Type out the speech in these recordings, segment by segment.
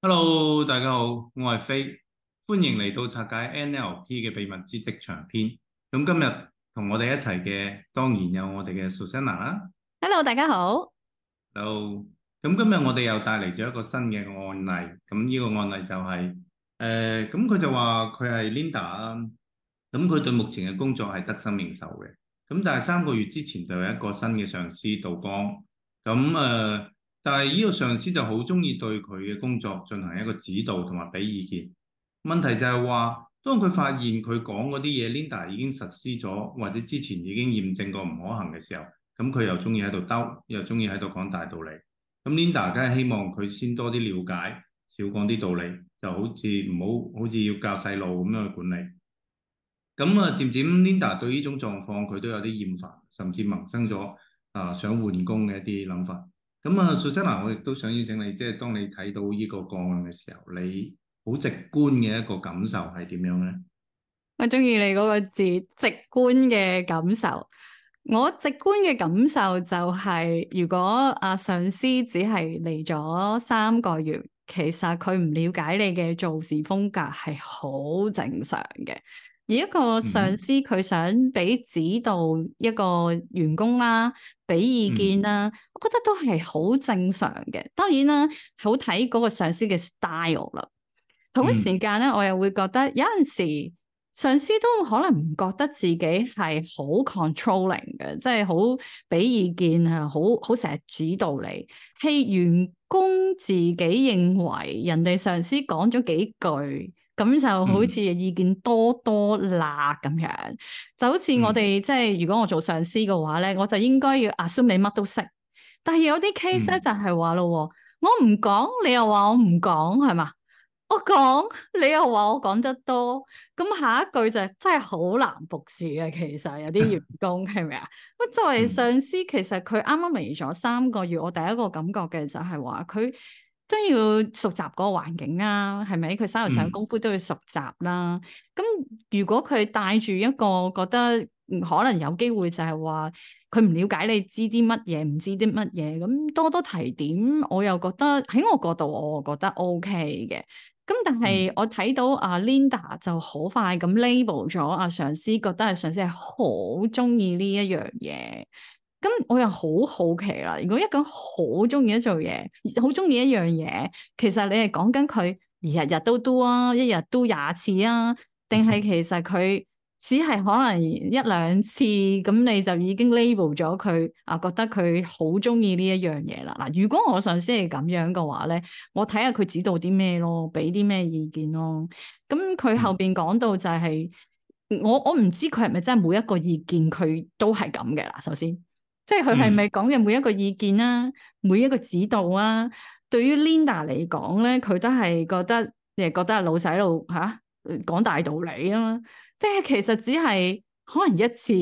hello，大家好，我係 Faye，歡迎嚟到拆解 NLP 嘅秘密之職場篇。咁今日同我哋一齊嘅，當然有我哋嘅 Susanna 啦。Hello，大家好。Hello。咁今日我哋又帶嚟咗一個新嘅案例。咁、這、呢個案例就係、是、誒，咁、呃、佢就話佢係 Linda 啦。咁佢對目前嘅工作係得心應手嘅。咁但係三個月之前就有一個新嘅上司到崗。咁誒。呃但係呢個上司就好中意對佢嘅工作進行一個指導同埋俾意見。問題就係話，當佢發現佢講嗰啲嘢，Linda 已經實施咗，或者之前已經驗證過唔可行嘅時候，咁佢又中意喺度兜，又中意喺度講大道理。咁 Linda 梗係希望佢先多啲了解，少講啲道理，就好似唔好好似要教細路咁樣去管理。咁啊，漸漸 Linda 對呢種狀況佢都有啲厭煩，甚至萌生咗啊、呃、想換工嘅一啲諗法。咁啊，瑞生啊，嗯、我亦都想邀請你，即係當你睇到呢個個案嘅時候，你好直觀嘅一個感受係點樣咧？我中意你嗰個字，直觀嘅感受。我直觀嘅感受就係、是，如果阿、啊、上司只係嚟咗三個月，其實佢唔了解你嘅做事風格係好正常嘅。而一個上司佢想俾指導一個員工啦、啊，俾意見啦、啊，我覺得都係好正常嘅。當然啦，好睇嗰個上司嘅 style 啦。同一時間咧，我又會覺得有陣時上司都可能唔覺得自己係好 controlling 嘅，即係好俾意見啊，好好成日指導你，係員工自己認為人哋上司講咗幾句。咁、嗯、就好似意見多多辣咁樣，就好似我哋、嗯、即係如果我做上司嘅話咧，我就應該要 assume 你乜都識。但係有啲 case 咧就係話咯，我唔講你又話我唔講係嘛？我講你又話我講得多。咁下一句就真係好難服侍嘅，其實有啲員工係咪啊？我 作為上司，其實佢啱啱嚟咗三個月，我第一個感覺嘅就係話佢。都要熟習嗰個環境啊，係咪佢三日上功夫都要熟習啦？咁、嗯、如果佢帶住一個覺得可能有機會就係話佢唔了解你知啲乜嘢，唔知啲乜嘢，咁多多提點，我又覺得喺我角度我覺得 OK 嘅。咁但係我睇到阿、啊嗯、Linda 就好快咁 label 咗阿、啊、上司，覺得阿上司係好中意呢一樣嘢。咁我又好好奇啦，如果一個人好中意一做嘢，好中意一樣嘢，其實你係講緊佢日日都 do 啊，一日都廿次啊，定係其實佢只係可能一兩次咁，你就已經 label 咗佢啊，覺得佢好中意呢一樣嘢啦嗱。如果我上司係咁樣嘅話咧，我睇下佢指導啲咩咯，俾啲咩意見咯。咁佢後邊講到就係，我我唔知佢係咪真係每一個意見佢都係咁嘅啦。首先。即係佢係咪講嘅每一個意見啦、啊，每一個指導啊，嗯、對於 Linda 嚟講咧，佢都係覺得，誒，覺得老細喺度講大道理啊嘛，即係其實只係可能一次、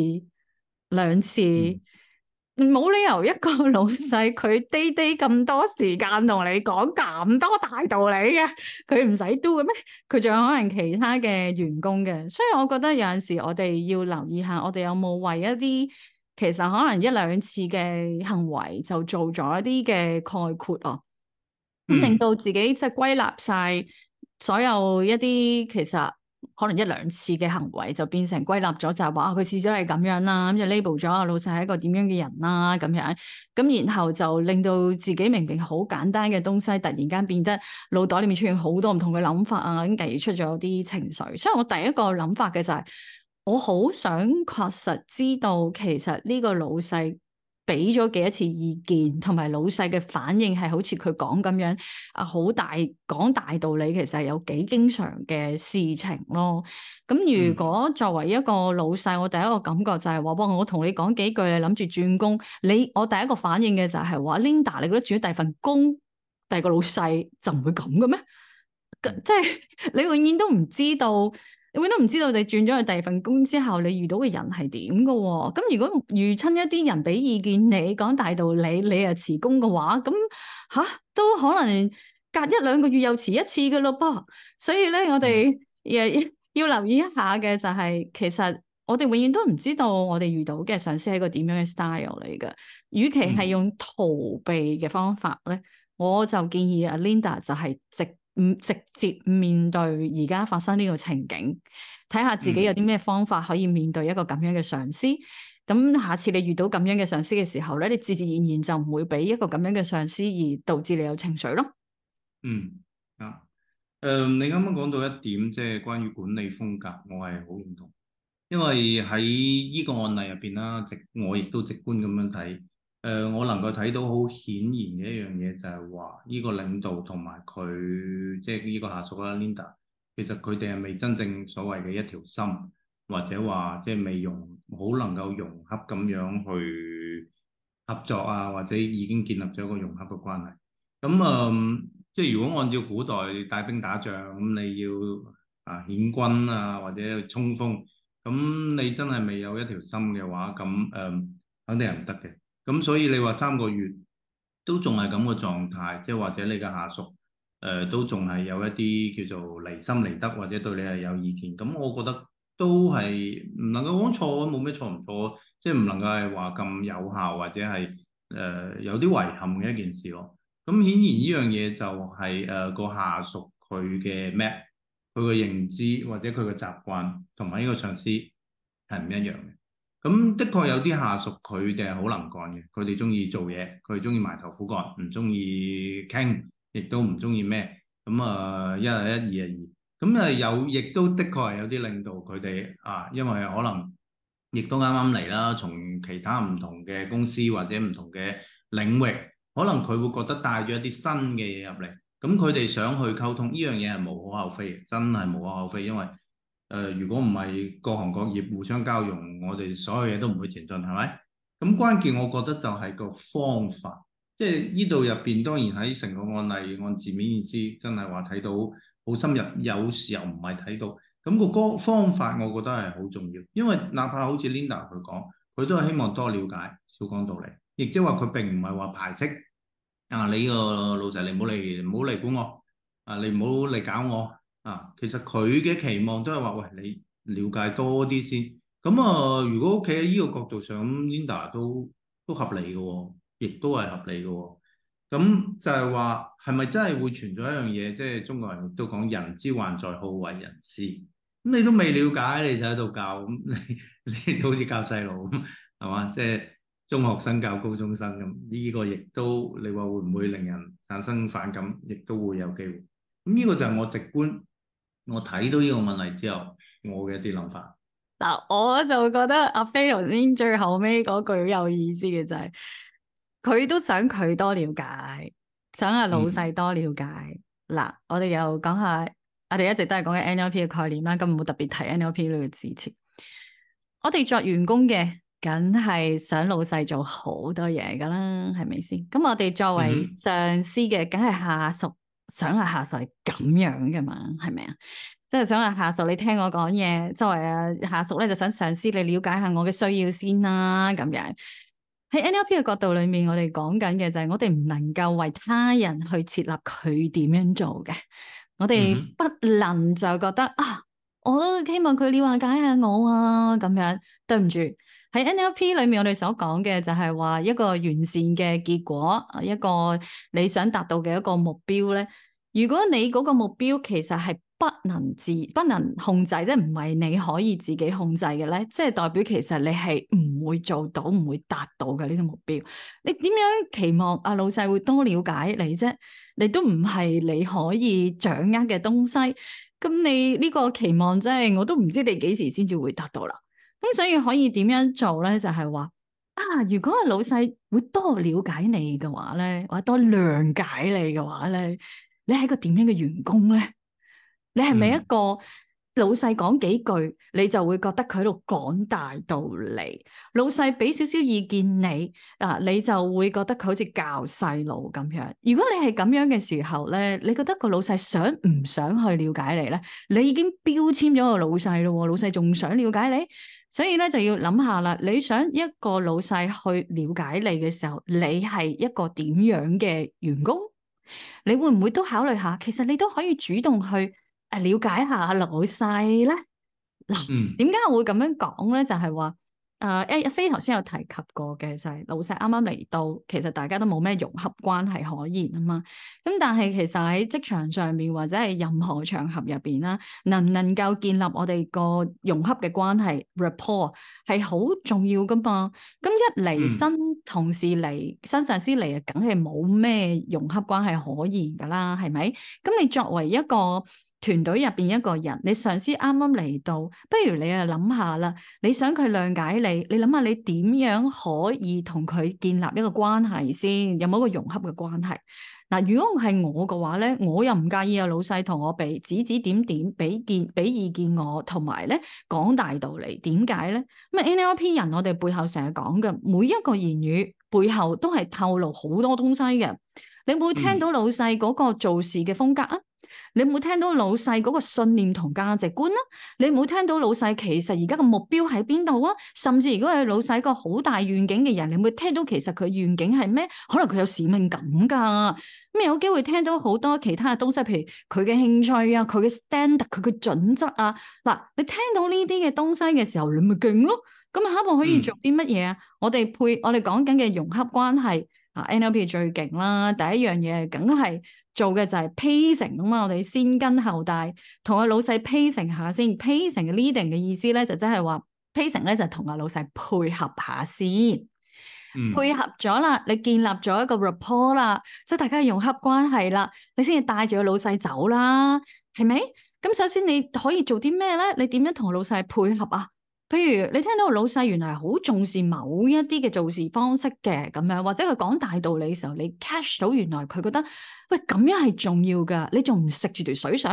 兩次，冇、嗯、理由一個老細佢啲啲咁多時間同你講咁多大道理嘅、啊，佢唔使 do 嘅咩？佢仲有可能其他嘅員工嘅，所以我覺得有陣時我哋要留意下，我哋有冇爲一啲。其實可能一兩次嘅行為就做咗一啲嘅概括咯，咁令到自己即係歸納晒所有一啲其實可能一兩次嘅行為就變成歸納咗，就係話佢始終係咁樣啦、啊，咁就 label 咗阿老細係一個點樣嘅人啦，咁樣，咁然後就令到自己明明好簡單嘅東西，突然間變得腦袋裏面出現好多唔同嘅諗法啊，咁繼而出咗啲情緒。所以我第一個諗法嘅就係、是。我好想確實知道，其實呢個老細俾咗幾多次意見，同埋老細嘅反應係好似佢講咁樣啊，好大講大道理，其實係有幾經常嘅事情咯。咁如果作為一個老細，我第一個感覺就係話，幫、嗯、我同你講幾句，你諗住轉工，你我第一個反應嘅就係話，Linda，你覺得轉咗第二份工，第二個老細就唔會咁嘅咩？即係你永遠都唔知道。永遠都唔知道你轉咗去第二份工之後，你遇到嘅人係點嘅喎。咁如果遇親一啲人俾意見你，講大道理，你又辭工嘅話，咁吓都可能隔一兩個月又辭一次嘅咯噃。所以咧，我哋誒要留意一下嘅就係、是，其實我哋永遠都唔知道我哋遇到嘅上司係一個點樣嘅 style 嚟嘅。與其係用逃避嘅方法咧，嗯、我就建議阿 Linda 就係直。唔直接面對而家發生呢個情景，睇下自己有啲咩方法可以面對一個咁樣嘅上司。咁、嗯、下次你遇到咁樣嘅上司嘅時候咧，你自自然然就唔會俾一個咁樣嘅上司而導致你有情緒咯。嗯啊，嗯，你啱啱講到一點，即係關於管理風格，我係好認同，因為喺呢個案例入邊啦，直我亦都直觀咁樣睇。誒、呃，我能夠睇到好顯然嘅一樣嘢、就是，就係話呢個領導同埋佢，即係呢個下屬啦、啊、，Linda，其實佢哋係未真正所謂嘅一條心，或者話即係未融好能夠融洽咁樣去合作啊，或者已經建立咗一個融洽嘅關係。咁啊、呃，即係如果按照古代帶兵打仗，咁你要啊遣軍啊，或者去衝鋒，咁你真係未有一條心嘅話，咁誒、呃、肯定係唔得嘅。咁所以你話三個月都仲係咁個狀態，即係或者你嘅下屬誒都仲係有一啲叫做離心離德，或者對你係有意見。咁我覺得都係唔能夠講錯，冇咩錯唔錯，即係唔能夠係話咁有效或者係誒有啲遺憾嘅一件事咯。咁顯然呢樣嘢就係誒個下屬佢嘅咩，佢嘅認知或者佢嘅習慣同埋呢個上司係唔一樣嘅。咁的確有啲下屬佢哋係好能幹嘅，佢哋中意做嘢，佢中意埋頭苦幹，唔中意傾，亦都唔中意咩。咁啊，一係一，二啊二。咁啊，有亦都的確係有啲領導佢哋啊，因為可能亦都啱啱嚟啦，從其他唔同嘅公司或者唔同嘅領域，可能佢會覺得帶咗一啲新嘅嘢入嚟。咁佢哋想去溝通，呢樣嘢係無可厚非嘅，真係無可厚非，因為，誒、呃，如果唔係各行各業互相交融，我哋所有嘢都唔會前進，係咪？咁關鍵我覺得就係個方法，即係呢度入邊，當然喺成個案例按字面意思，真係話睇到好深入，有時候唔係睇到。咁、嗰個方法，我覺得係好重要，因為哪怕好似 Linda 佢講，佢都係希望多了解，少講道理，亦即係話佢並唔係話排斥啊，你個老細你唔好嚟，唔好嚟管我，啊，你唔好嚟搞我。啊，其實佢嘅期望都係話，喂，你了解多啲先。咁、嗯、啊，如果屋企喺呢個角度上，Linda 都都合理嘅、哦，亦都係合理嘅、哦。咁、嗯、就係、是、話，係咪真係會存在一樣嘢？即、就、係、是、中國人都講人之患在好為人師。咁你都未了解，你就喺度教，咁你你都好似教細路咁，係嘛？即係中學生教高中生咁，呢、這個亦都你話會唔會令人產生反感？亦都會有機會。咁、嗯、呢、這個就係我直觀。我睇到呢個問題之後，我嘅一啲諗法。嗱，我就覺得阿飛頭先最後尾嗰句有意思嘅就係、是，佢都想佢多了解，想阿老細多了解。嗱、嗯，我哋又講下，我哋一直都係講緊 NLP 嘅概念啦，咁唔好特別提 NLP 呢個字詞。我哋作員工嘅，梗係想老細做好多嘢噶啦，係咪先？咁我哋作為上司嘅，梗係、嗯、下屬。想阿下屬咁樣嘅嘛，係咪啊？即係想阿下屬，你聽我講嘢，作為阿下屬咧就想上司你了解下我嘅需要先啦，咁樣喺 NLP 嘅角度裏面，我哋講緊嘅就係我哋唔能夠為他人去設立佢點樣做嘅，我哋不能就覺得、mm hmm. 啊，我都希望佢了解下我啊，咁樣對唔住。喺 NLP 裏面，我哋所講嘅就係話一個完善嘅結果，一個你想達到嘅一個目標咧。如果你嗰個目標其實係不能自不能控制，即係唔係你可以自己控制嘅咧，即係代表其實你係唔會做到，唔會達到嘅呢個目標。你點樣期望阿老細會多了解你啫？你都唔係你可以掌握嘅東西，咁你呢個期望即係我都唔知你幾時先至會達到啦。咁所以可以點樣做咧？就係話啊，如果個老細會多了解你嘅話咧，或者多諒解你嘅話咧，你係一個點樣嘅員工咧？你係咪一個老細講幾句，你就會覺得佢喺度講大道理？老細俾少少意見你啊，你就會覺得佢好似教細路咁樣？如果你係咁樣嘅時候咧，你覺得個老細想唔想去了解你咧？你已經標籤咗個老細咯，老細仲想了解你？所以咧，就要諗下啦，你想一個老細去了解你嘅時候，你係一個點樣嘅員工？你會唔會都考慮下？其實你都可以主動去誒了解下老細咧。嗱、嗯，點解我會咁樣講咧？就係、是、話。誒，uh, 阿飛頭先有提及過嘅就係老細，啱啱嚟到，其實大家都冇咩融洽關係可言啊嘛。咁但係其實喺職場上面或者係任何場合入面啦，能唔能夠建立我哋個融洽嘅關係 rapport 係好重要噶嘛？咁一嚟、嗯、新同事嚟，新上司嚟，梗係冇咩融洽關係可言噶啦，係咪？咁你作為一個團隊入邊一個人，你上司啱啱嚟到，不如你啊諗下啦。你想佢諒解你，你諗下你點樣可以同佢建立一個關係先，有冇一個融洽嘅關係？嗱，如果係我嘅話咧，我又唔介意啊，老細同我俾指指點點，俾建俾意見我，同埋咧講大道理。點解咧？咁 NLP 人我哋背後成日講嘅，每一個言語背後都係透露好多東西嘅。你會聽到老細嗰個做事嘅風格啊？嗯你冇聽到老細嗰個信念同價值觀咯，你冇聽到老細其實而家嘅目標喺邊度啊？甚至如果係老細個好大願景嘅人，你會聽到其實佢願景係咩？可能佢有使命感㗎，咁有機會聽到好多其他嘅東西，譬如佢嘅興趣啊、佢嘅 stand、佢嘅準則啊。嗱，你聽到呢啲嘅東西嘅時候，你咪勁咯。咁下一步可以做啲乜嘢啊？嗯、我哋配我哋講緊嘅融洽關係。啊 NLP 最勁啦！第一樣嘢，梗係做嘅就係 Pacing 啊、嗯、嘛！我哋先跟後帶，同阿老細 Pacing 下先。Pacing 嘅 leading 嘅意思咧，就即係話 Pacing 咧，就同阿老細配合下先。嗯、配合咗啦，你建立咗一個 report 啦，即係大家融洽關係啦，你先至帶住個老細走啦，係咪？咁首先你可以做啲咩咧？你點樣同老細配合啊？譬如你聽到老細原來好重視某一啲嘅做事方式嘅咁樣，或者佢講大道理嘅時候，你 catch 到原來佢覺得喂，咁樣係重要噶你仲唔食住條水上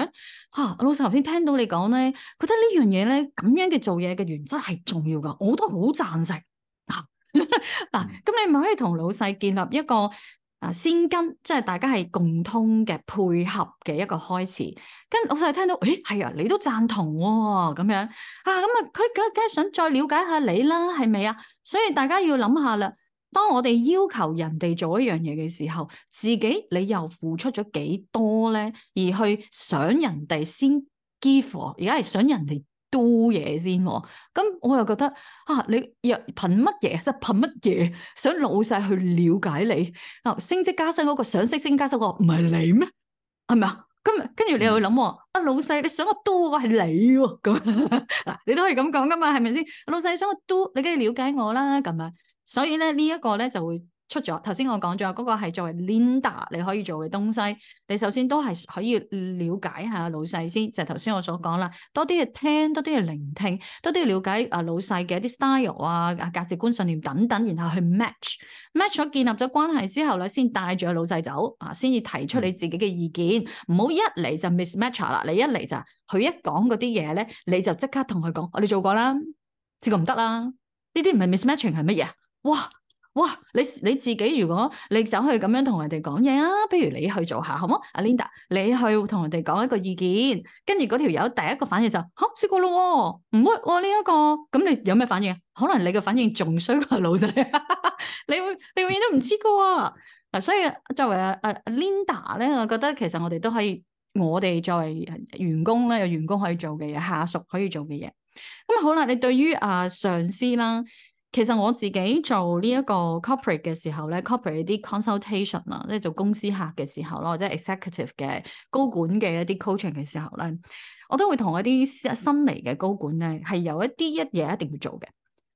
吓？啊？老細頭先聽到你講咧，覺得呢樣嘢咧咁樣嘅做嘢嘅原則係重要噶我都好贊成嗱嗱，咁、啊、 你咪可以同老細建立一個。啊！先跟即係大家係共通嘅配合嘅一個開始，跟老細係聽到，誒係啊，你都贊同喎咁樣啊，咁啊佢佢梗係想再了解下你啦，係咪啊？所以大家要諗下啦，當我哋要求人哋做一樣嘢嘅時候，自己你又付出咗幾多咧？而去想人哋先 give 而家係想人哋。做嘢先，咁我又覺得啊，你又憑乜嘢？即係憑乜嘢想老細去了解你？啊、so，升職加薪嗰個想升升加薪個唔係你咩？係咪啊？咁跟住你又會諗啊，老細你想我做個係你喎？咁嗱，你都可以咁講噶嘛？係咪先？老細想我做，你梗係了解我啦。咁樣，所以咧呢一個咧就會。出咗，頭先我講咗嗰個係作為 Linda 你可以做嘅東西，你首先都係可以了解下老細先，就係頭先我所講啦，多啲去聽，多啲去聆聽，多啲去了解老啊老細嘅一啲 style 啊價值觀、信念等等，然後去 match，match 咗建立咗關係之後咧，先帶住老細走，啊，先至提出你自己嘅意見，唔好、嗯、一嚟就 mismatch 啦，你一嚟就佢一講嗰啲嘢咧，你就即刻同佢講，我哋做過啦，結果唔得啦，呢啲唔係 mismatching 係乜嘢啊？哇！哇！你你自己如果你走去咁樣同人哋講嘢啊，不如你去做下好唔好？阿 Linda，你去同人哋講一個意見，跟住嗰條友第一個反應就吓，試、啊、過咯、哦，唔會我呢一個，咁、嗯、你有咩反應？可能你嘅反應仲衰過老細， 你會你永遠都唔知噶。嗱，所以作為阿、啊、阿、啊、Linda 咧，我覺得其實我哋都可以，我哋作為員工咧，有員工可以做嘅嘢，下屬可以做嘅嘢。咁、嗯、好啦，你對於啊上司啦。其實我自己做呢一個 corporate 嘅時候咧，corporate 啲 consultation 啦，即係做公司客嘅時候咯，或者 executive 嘅高管嘅一啲 coaching 嘅時候咧，嗯、我都會同一啲新嚟嘅高管咧，係有一啲一嘢一定要做嘅。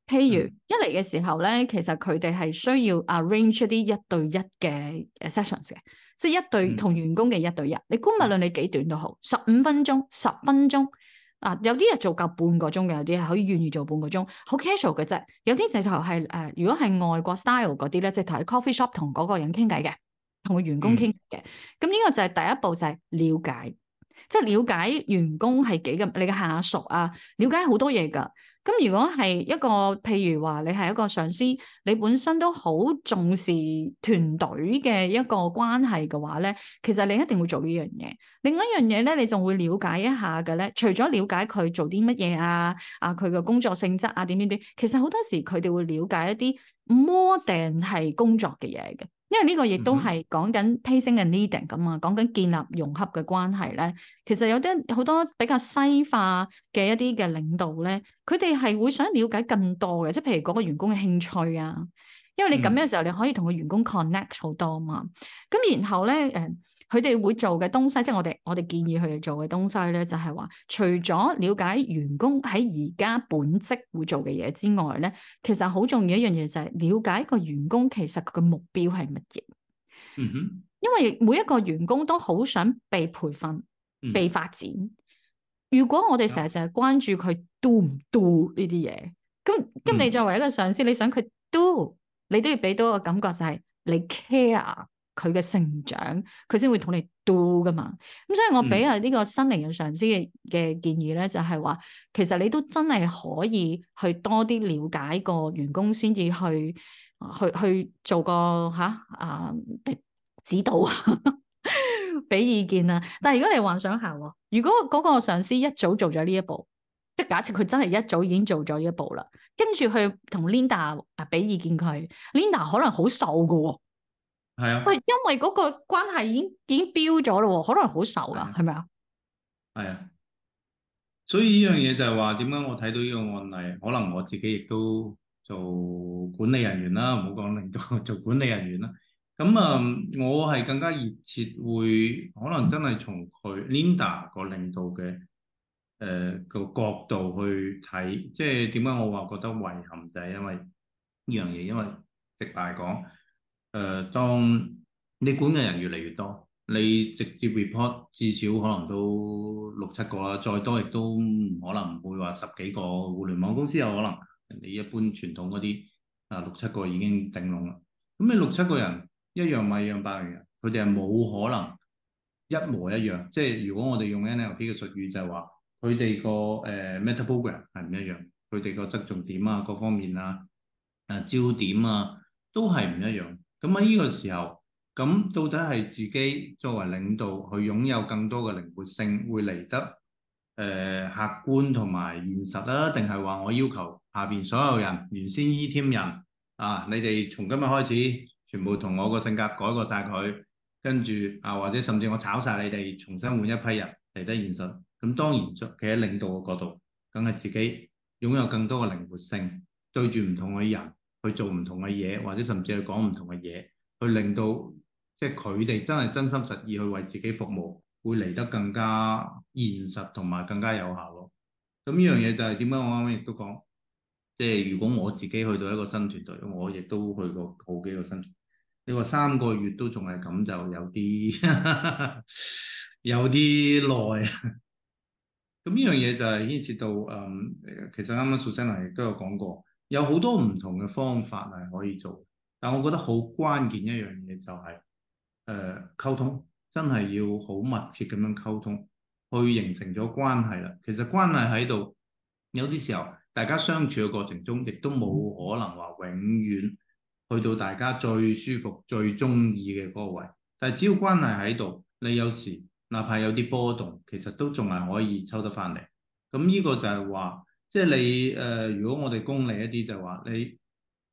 譬如、嗯、一嚟嘅時候咧，其實佢哋係需要 arrange 啲一,一對一嘅 sessions 嘅，即係一對、嗯、同員工嘅一對一。你估無論你幾短都好，十五分鐘、十分鐘。啊，有啲係做夠半個鐘嘅，有啲係可以願意做半個鐘，好 casual 嘅啫。有啲直頭係誒，如果係外國 style 嗰啲咧，即係喺 coffee shop 同嗰個人傾偈嘅，同個員工傾偈嘅。咁呢、嗯、個就係第一步，就係了解。即係了解員工係幾咁，你嘅下屬啊，了解好多嘢㗎。咁如果係一個譬如話你係一個上司，你本身都好重視團隊嘅一個關係嘅話咧，其實你一定會做呢樣嘢。另外一樣嘢咧，你仲會了解一下嘅咧，除咗了，了解佢做啲乜嘢啊，啊佢嘅工作性質啊點點點，其實好多時佢哋會了解一啲 model 係工作嘅嘢嘅。因為呢個亦都係講緊 pacing and leading 咁啊，講緊建立融合嘅關係咧，其實有啲好多比較西化嘅一啲嘅領導咧，佢哋係會想了解更多嘅，即係譬如講個員工嘅興趣啊，因為你咁樣嘅時候，你可以同個員工 connect 好多啊嘛，咁然後咧誒。佢哋會做嘅東西，即係我哋我哋建議佢哋做嘅東西咧，就係話，除咗了解員工喺而家本職會做嘅嘢之外咧，其實好重要一樣嘢就係了解一個員工其實佢嘅目標係乜嘢。嗯哼，因為每一個員工都好想被培訓、嗯哼、被發展。如果我哋成日就係關注佢、嗯哼、do 唔 do 呢啲嘢，咁咁你作為一個上司，你想佢 do，你都要俾多個感覺就係你 care。佢嘅成長，佢先會同你 do 噶嘛？咁所以我俾啊呢個新嚟嘅上司嘅嘅建議咧，就係話，其實你都真係可以去多啲了解個員工，先至去去去做個吓啊指導啊，俾 意見啊。但係如果你幻想下，如果嗰個上司一早做咗呢一步，即係假設佢真係一早已經做咗呢一步啦，跟住去同 Linda 啊俾意見佢，Linda 可能好瘦噶喎。係啊，即係因為嗰個關係已經已經飆咗咯，可能好愁噶，係咪啊？係吧啊，所以呢樣嘢就係話點解我睇到呢個案例，可能我自己亦都做管理人員啦，唔好講領導， 做管理人員啦。咁啊，嗯、我係更加熱切會，可能真係從佢 Linda 個領導嘅誒個角度去睇，即係點解我話覺得遺憾，就係因為呢樣嘢，因為直白講。誒、呃，當你管嘅人越嚟越多，你直接 report 至少可能都六七個啦，再多亦都唔可能唔會話十幾個。互聯網公司有可能，你一般傳統嗰啲啊六七個已經頂籠啦。咁、嗯、你六七個人一樣米養百樣人，佢哋係冇可能一模一樣。即係如果我哋用 NLP 嘅術語就係話，佢哋個誒、呃、meta program 係 me 唔一樣，佢哋個側重點啊，各方面啊，誒焦點啊，都係唔一樣。咁喺呢個時候，咁到底係自己作為領導去擁有更多嘅靈活性，會嚟得誒、呃、客觀同埋現實啦，定係話我要求下邊所有人原先依 team 人啊，你哋從今日開始全部同我個性格改過晒佢，跟住啊或者甚至我炒晒你哋，重新換一批人嚟得現實。咁當然，企喺領導嘅角度，梗係自己擁有更多嘅靈活性，對住唔同嘅人。去做唔同嘅嘢，或者甚至去講唔同嘅嘢，去令到即係佢哋真係真心實意去為自己服務，會嚟得更加現實同埋更加有效咯。咁呢樣嘢就係點解我啱啱亦都講，即係如果我自己去到一個新團隊，我亦都去過好幾個新團隊，你話三個月都仲係咁，就有啲 有啲耐啊。咁 呢樣嘢就係牽涉到誒、嗯，其實啱啱 Susanna 都有講過。有好多唔同嘅方法係可以做，但我覺得好關鍵一樣嘢就係、是，誒、呃、溝通真係要好密切咁樣溝通，去形成咗關係啦。其實關係喺度，有啲時候大家相處嘅過程中，亦都冇可能話永遠去到大家最舒服、最中意嘅嗰個位。但係只要關係喺度，你有時哪怕有啲波動，其實都仲係可以抽得翻嚟。咁呢個就係話。即係你誒、呃，如果我哋功利一啲就話、係，你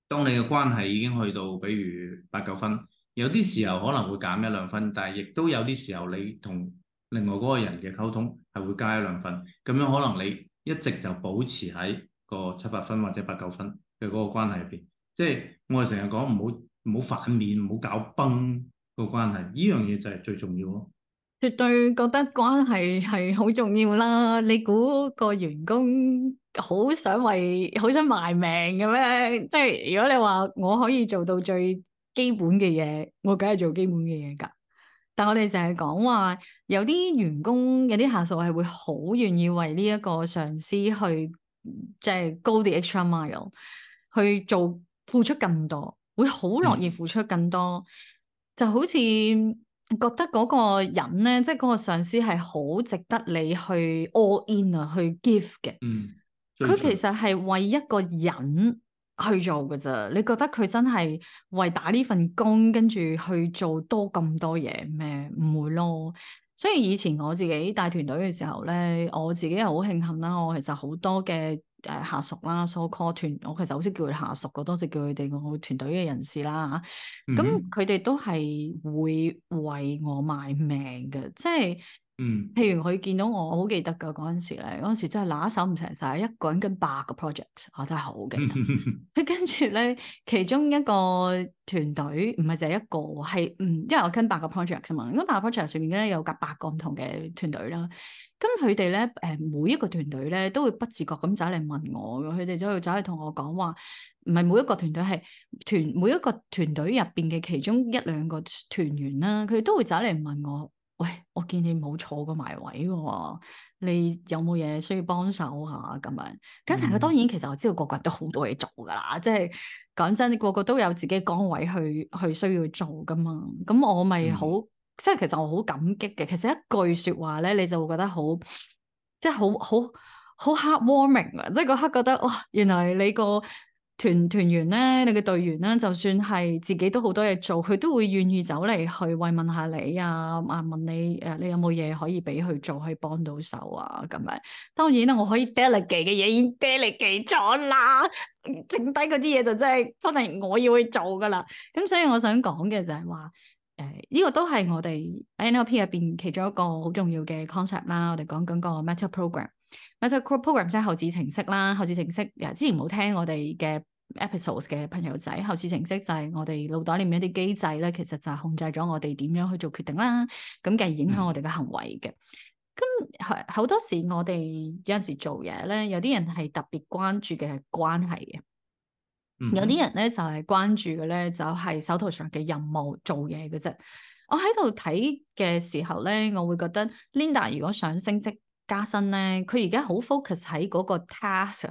當你嘅關係已經去到，比如八九分，有啲時候可能會減一兩分，但係亦都有啲時候你同另外嗰個人嘅溝通係會加一兩分，咁樣可能你一直就保持喺個七八分或者八九分嘅嗰個關係入邊。即係我哋成日講唔好唔好反面，唔好搞崩個關係，呢樣嘢就係最重要咯。絕對覺得關係係好重要啦！你估個員工好想為好想賣命嘅咩？即係如果你話我可以做到最基本嘅嘢，我梗係做基本嘅嘢㗎。但我哋成係講話，有啲員工有啲下屬係會好願意為呢一個上司去即係，go the extra mile 去做付出更多，會好樂意付出更多，嗯、就好似，覺得嗰個人咧，即係嗰個上司係好值得你去 all in 啊，去 give 嘅。嗯，佢其實係為一個人去做噶咋？你覺得佢真係為打呢份工，跟住去做多咁多嘢咩？唔會咯。所以以前我自己帶團隊嘅時候咧，我自己又好慶幸啦。我其實好多嘅。誒下屬啦，所、so、call 團我其實好少叫佢下屬嘅，當時叫佢哋我團隊嘅人士啦吓，咁佢哋都係會為我賣命嘅，即係。嗯，譬如佢見到我，我好記得噶嗰陣時咧，嗰陣時真係拿手唔成晒，一個人跟八個 project，我真係好記得。佢 跟住咧，其中一個團隊唔係淨係一個，係嗯，因為我跟八個 project 啊嘛，咁、嗯、八個 project 上面咧有隔八個唔同嘅團隊啦。咁佢哋咧，誒，每一個團隊咧都會不自覺咁走嚟問我噶，佢哋走去走去同我講話，唔係每一個團隊係團每一個團隊入邊嘅其中一兩個團員啦，佢都會走嚟問我。哎、我見你冇坐過埋位嘅喎，你有冇嘢需要幫手啊？咁樣，咁但佢當然，其實我知道個個人都好多嘢做噶啦，即係講真，個個都有自己崗位去去需要做噶嘛。咁我咪好，嗯、即係其實我好感激嘅。其實一句說話咧，你就會覺得好，即係好好好 heartwarming 啊！即係嗰刻覺得哇、哦，原來你個。團團員咧，你嘅隊員咧，就算係自己都好多嘢做，佢都會願意走嚟去慰問,問下你啊，問問你誒，你有冇嘢可以俾佢做，可以幫到手啊咁樣。當然啦，我可以 delegate 嘅嘢已經 delegate 咗啦，剩低嗰啲嘢就真係真係我要去做噶啦。咁所以我想講嘅就係話，誒、呃、呢、呢個都係我哋 NLP 入邊其中一個好重要嘅 concept 啦，我哋講緊個 meta program。meta program 即係後置程式啦，後置程式，之前冇聽我哋嘅 episode 嘅朋友仔，後置程式就係我哋腦袋裏面一啲機制咧，其實就係控制咗我哋點樣去做決定啦，咁繼而影響我哋嘅行為嘅。咁好、嗯、多時我哋有陣時做嘢咧，有啲人係特別關注嘅係關係嘅，有啲人咧就係、是、關注嘅咧就係手頭上嘅任務做嘢嘅啫。我喺度睇嘅時候咧，我會覺得 Linda 如果想升職。加深咧，佢而家好 focus 喺嗰個 task，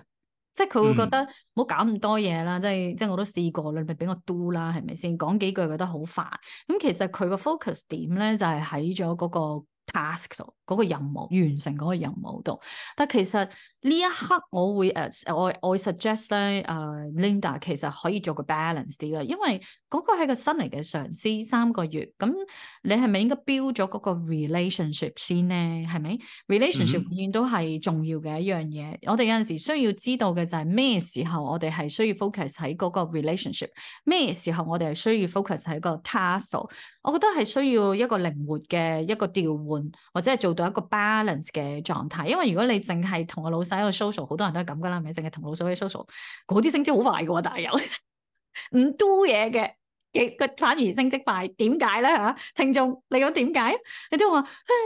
即係佢會覺得唔好、嗯、搞咁多嘢啦，即係即係我都試過啦，你咪俾我 do 啦，係咪先？講幾句覺得好煩，咁、嗯、其實佢、就是、個 focus 點咧就係喺咗嗰個 task 度。嗰個任務完成個任務度，但其實呢一刻我會誒我我 suggest 咧、uh, 誒 Linda 其實可以做個 balance 啲啦，因為個係個新嚟嘅上司三個月，咁你係咪應該 build 咗個 relationship 先咧？係咪 relationship 永遠都係重要嘅一樣嘢？Mm hmm. 我哋有陣時需要知道嘅就係咩時候我哋係需要 focus 喺個 relationship，咩時候我哋係需要 focus 喺個 task？我覺得係需要一個靈活嘅一個調換或者係做。到一個 balance 嘅狀態，因為如果你淨係同我老細一個 social，好多人都係咁噶啦，係咪？淨係同老細嘅 social 嗰啲，升職好快嘅喎、啊，但係又唔 do 嘢嘅嘅，佢 反而升職快，點解咧嚇？聽眾，你講點解？你都話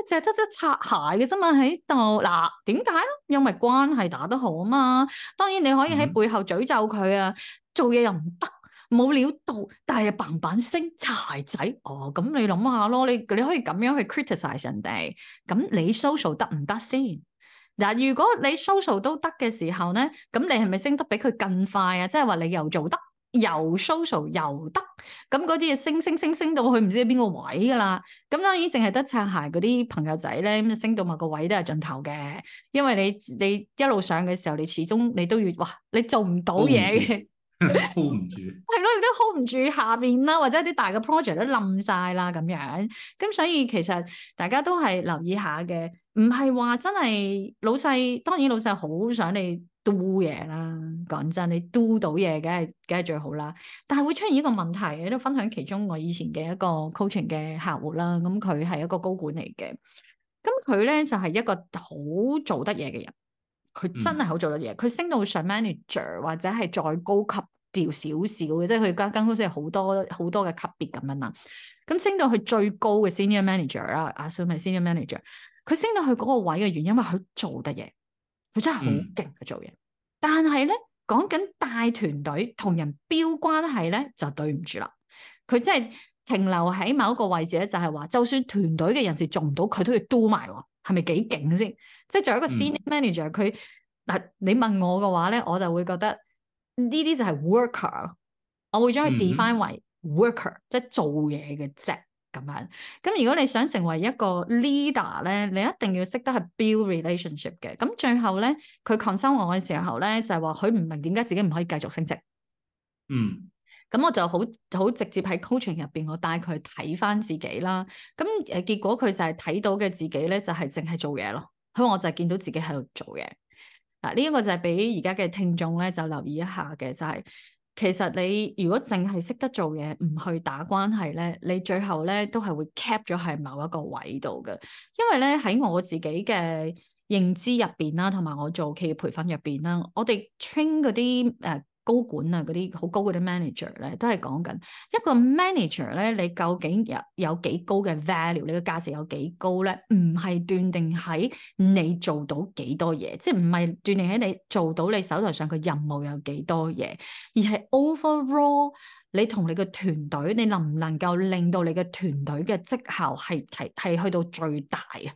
誒，就、哎、係得咗擦鞋嘅啫嘛喺度嗱，點解咧？因為關係打得好啊嘛，當然你可以喺背後詛咒佢啊，嗯、做嘢又唔得。冇料到，但係棒棒聲拆鞋仔哦！咁你諗下咯，你你可以咁樣去 criticize 人哋，咁你 social 得唔得先？嗱，如果你 social 都得嘅時候咧，咁你係咪升得比佢更快啊？即係話你又做得又 social 又得，咁嗰啲嘢升升升升到去唔知邊個位噶啦？咁當然淨係得擦鞋嗰啲朋友仔咧，咁升到某個位都係盡頭嘅，因為你你一路上嘅時候，你始終你都要哇，你做唔到嘢嘅。hold 唔住係咯，你都 hold 唔住下面啦，或者啲大嘅 project 都冧晒啦，咁樣，咁所以其實大家都係留意下嘅，唔係話真係老細，當然老細好想你 do 嘢啦，講真，你 do 到嘢嘅，梗係最好啦。但係會出現一個問題，我都分享其中我以前嘅一個 coaching 嘅客戶啦，咁佢係一個高管嚟嘅，咁佢咧就係一個好做得嘢嘅人。佢真係好做得嘢，佢、嗯、升到上 manager 或者係再高級調少少嘅，即係佢家間公司有好多好多嘅級別咁樣啦。咁升到去最高嘅 senior manager 啦，阿蘇咪 senior manager，佢升到去嗰個位嘅原因，因為佢做得嘢，佢真係、嗯、好勁佢做嘢。但係咧，講緊帶團隊同人標關係咧，就對唔住啦。佢真係停留喺某一個位置咧，就係話，就算團隊嘅人士做唔到，佢都要 do 埋喎。係咪幾勁先？即係做一個 senior manager，佢嗱、嗯、你問我嘅話咧，我就會覺得呢啲就係 worker，我會將佢 define 為 worker，、嗯、即係做嘢嘅啫，咁樣。咁如果你想成為一個 leader 咧，你一定要識得係 build relationship 嘅。咁最後咧，佢 consult 我嘅時候咧，就係話佢唔明點解自己唔可以繼續升職。嗯。咁我就好好直接喺 coaching 入邊，我帶佢睇翻自己啦。咁誒、呃、結果佢就係睇到嘅自己咧，就係淨係做嘢咯。佢話我就係見到自己喺度做嘢。嗱，呢一個就係俾而家嘅聽眾咧，就留意一下嘅就係、是，其實你如果淨係識得做嘢，唔去打關係咧，你最後咧都係會 cap 咗喺某一個位度嘅。因為咧喺我自己嘅認知入邊啦，同埋我做企業培訓入邊啦，我哋 train 嗰啲誒。呃高管啊，嗰啲好高嗰啲 manager 咧，都係講緊一個 manager 咧，你究竟有有幾高嘅 value，你個價值有幾高咧？唔係斷定喺你做到幾多嘢，即係唔係斷定喺你做到你手頭上嘅任務有幾多嘢，而係 overall 你同你嘅團隊，你能唔能夠令到你嘅團隊嘅績效係係係去到最大啊？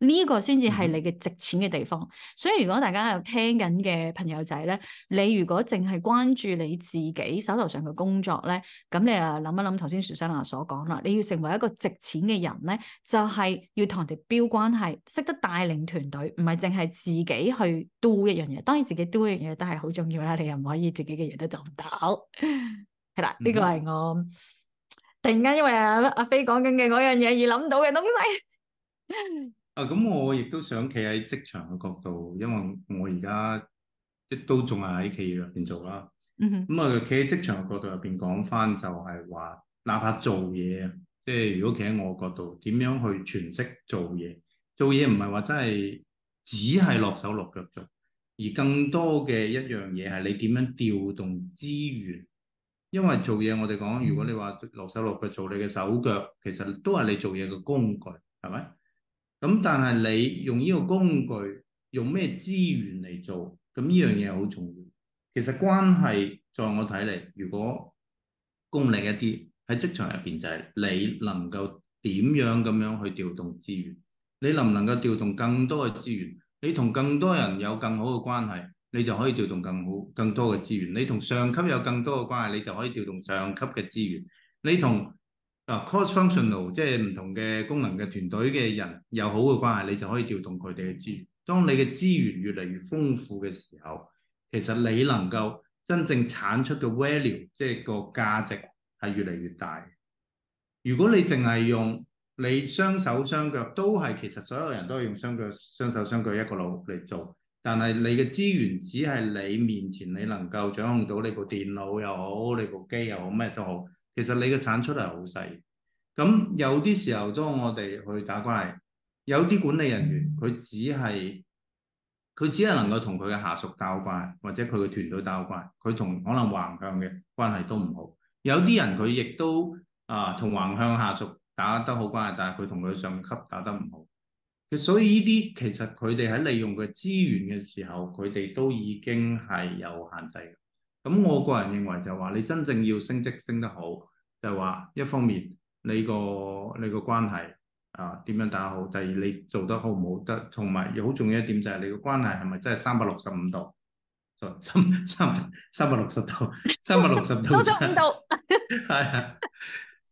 呢個先至係你嘅值錢嘅地方，嗯、所以如果大家有聽緊嘅朋友仔咧，你如果淨係關注你自己手頭上嘅工作咧，咁你就諗一諗頭先 Susanna 所講啦，你要成為一個值錢嘅人咧，就係、是、要同人哋標關係，識得帶領團隊，唔係淨係自己去 do 一樣嘢。當然自己 do 一樣嘢都係好重要啦，你又唔可以自己嘅嘢都做唔到，係 啦。呢、這個係我突然間因為、啊、阿阿飛講緊嘅嗰樣嘢而諗到嘅東西。 啊，咁我亦都想企喺職場嘅角度，因為我而家亦都仲係喺企業入邊做啦。咁啊、mm，企、hmm. 喺、嗯、職場嘅角度入邊講翻，就係話，哪怕做嘢啊，即係如果企喺我角度，點樣去詮釋做嘢？做嘢唔係話真係只係落手落腳做，而更多嘅一樣嘢係你點樣調動資源。因為做嘢，我哋講，如果你話落手落腳做你嘅手腳，其實都係你做嘢嘅工具，係咪？咁但係你用呢個工具，用咩資源嚟做？咁呢樣嘢好重要。其實關係，在我睇嚟，如果功利一啲喺職場入邊，就係你能夠點樣咁樣去調動資源？你能唔能夠調動更多嘅資源？你同更多人有更好嘅關係，你就可以調動更好，更多嘅資源。你同上級有更多嘅關係，你就可以調動上級嘅資源。你同啊 cross-functional 即係唔同嘅功能嘅團隊嘅人有好嘅關係，你就可以調動佢哋嘅資源。當你嘅資源越嚟越豐富嘅時候，其實你能夠真正產出嘅 value，即係個價值係越嚟越大。如果你淨係用你雙手雙腳，都係其實所有人都係用雙腳雙手雙腳一個腦嚟做，但係你嘅資源只係你面前你能夠掌控到你部電腦又好，你部機又好，咩都好。其實你嘅產出係好細，咁有啲時候當我哋去打關係，有啲管理人員佢只係佢只係能夠同佢嘅下屬打好關係，或者佢嘅團隊打好關係，佢同可能橫向嘅關係都唔好。有啲人佢亦都啊同橫向下屬打得好關係，但係佢同佢上級打得唔好。所以呢啲其實佢哋喺利用佢嘅資源嘅時候，佢哋都已經係有限制。咁我個人認為就係話，你真正要升職升得好，就係話一方面你個你個關係啊，點樣打好，第二你做得好唔好得，同埋好重要一點就係你個關係係咪真係三百六十五度？三三百六十度，三百六十度都做唔到。係啊，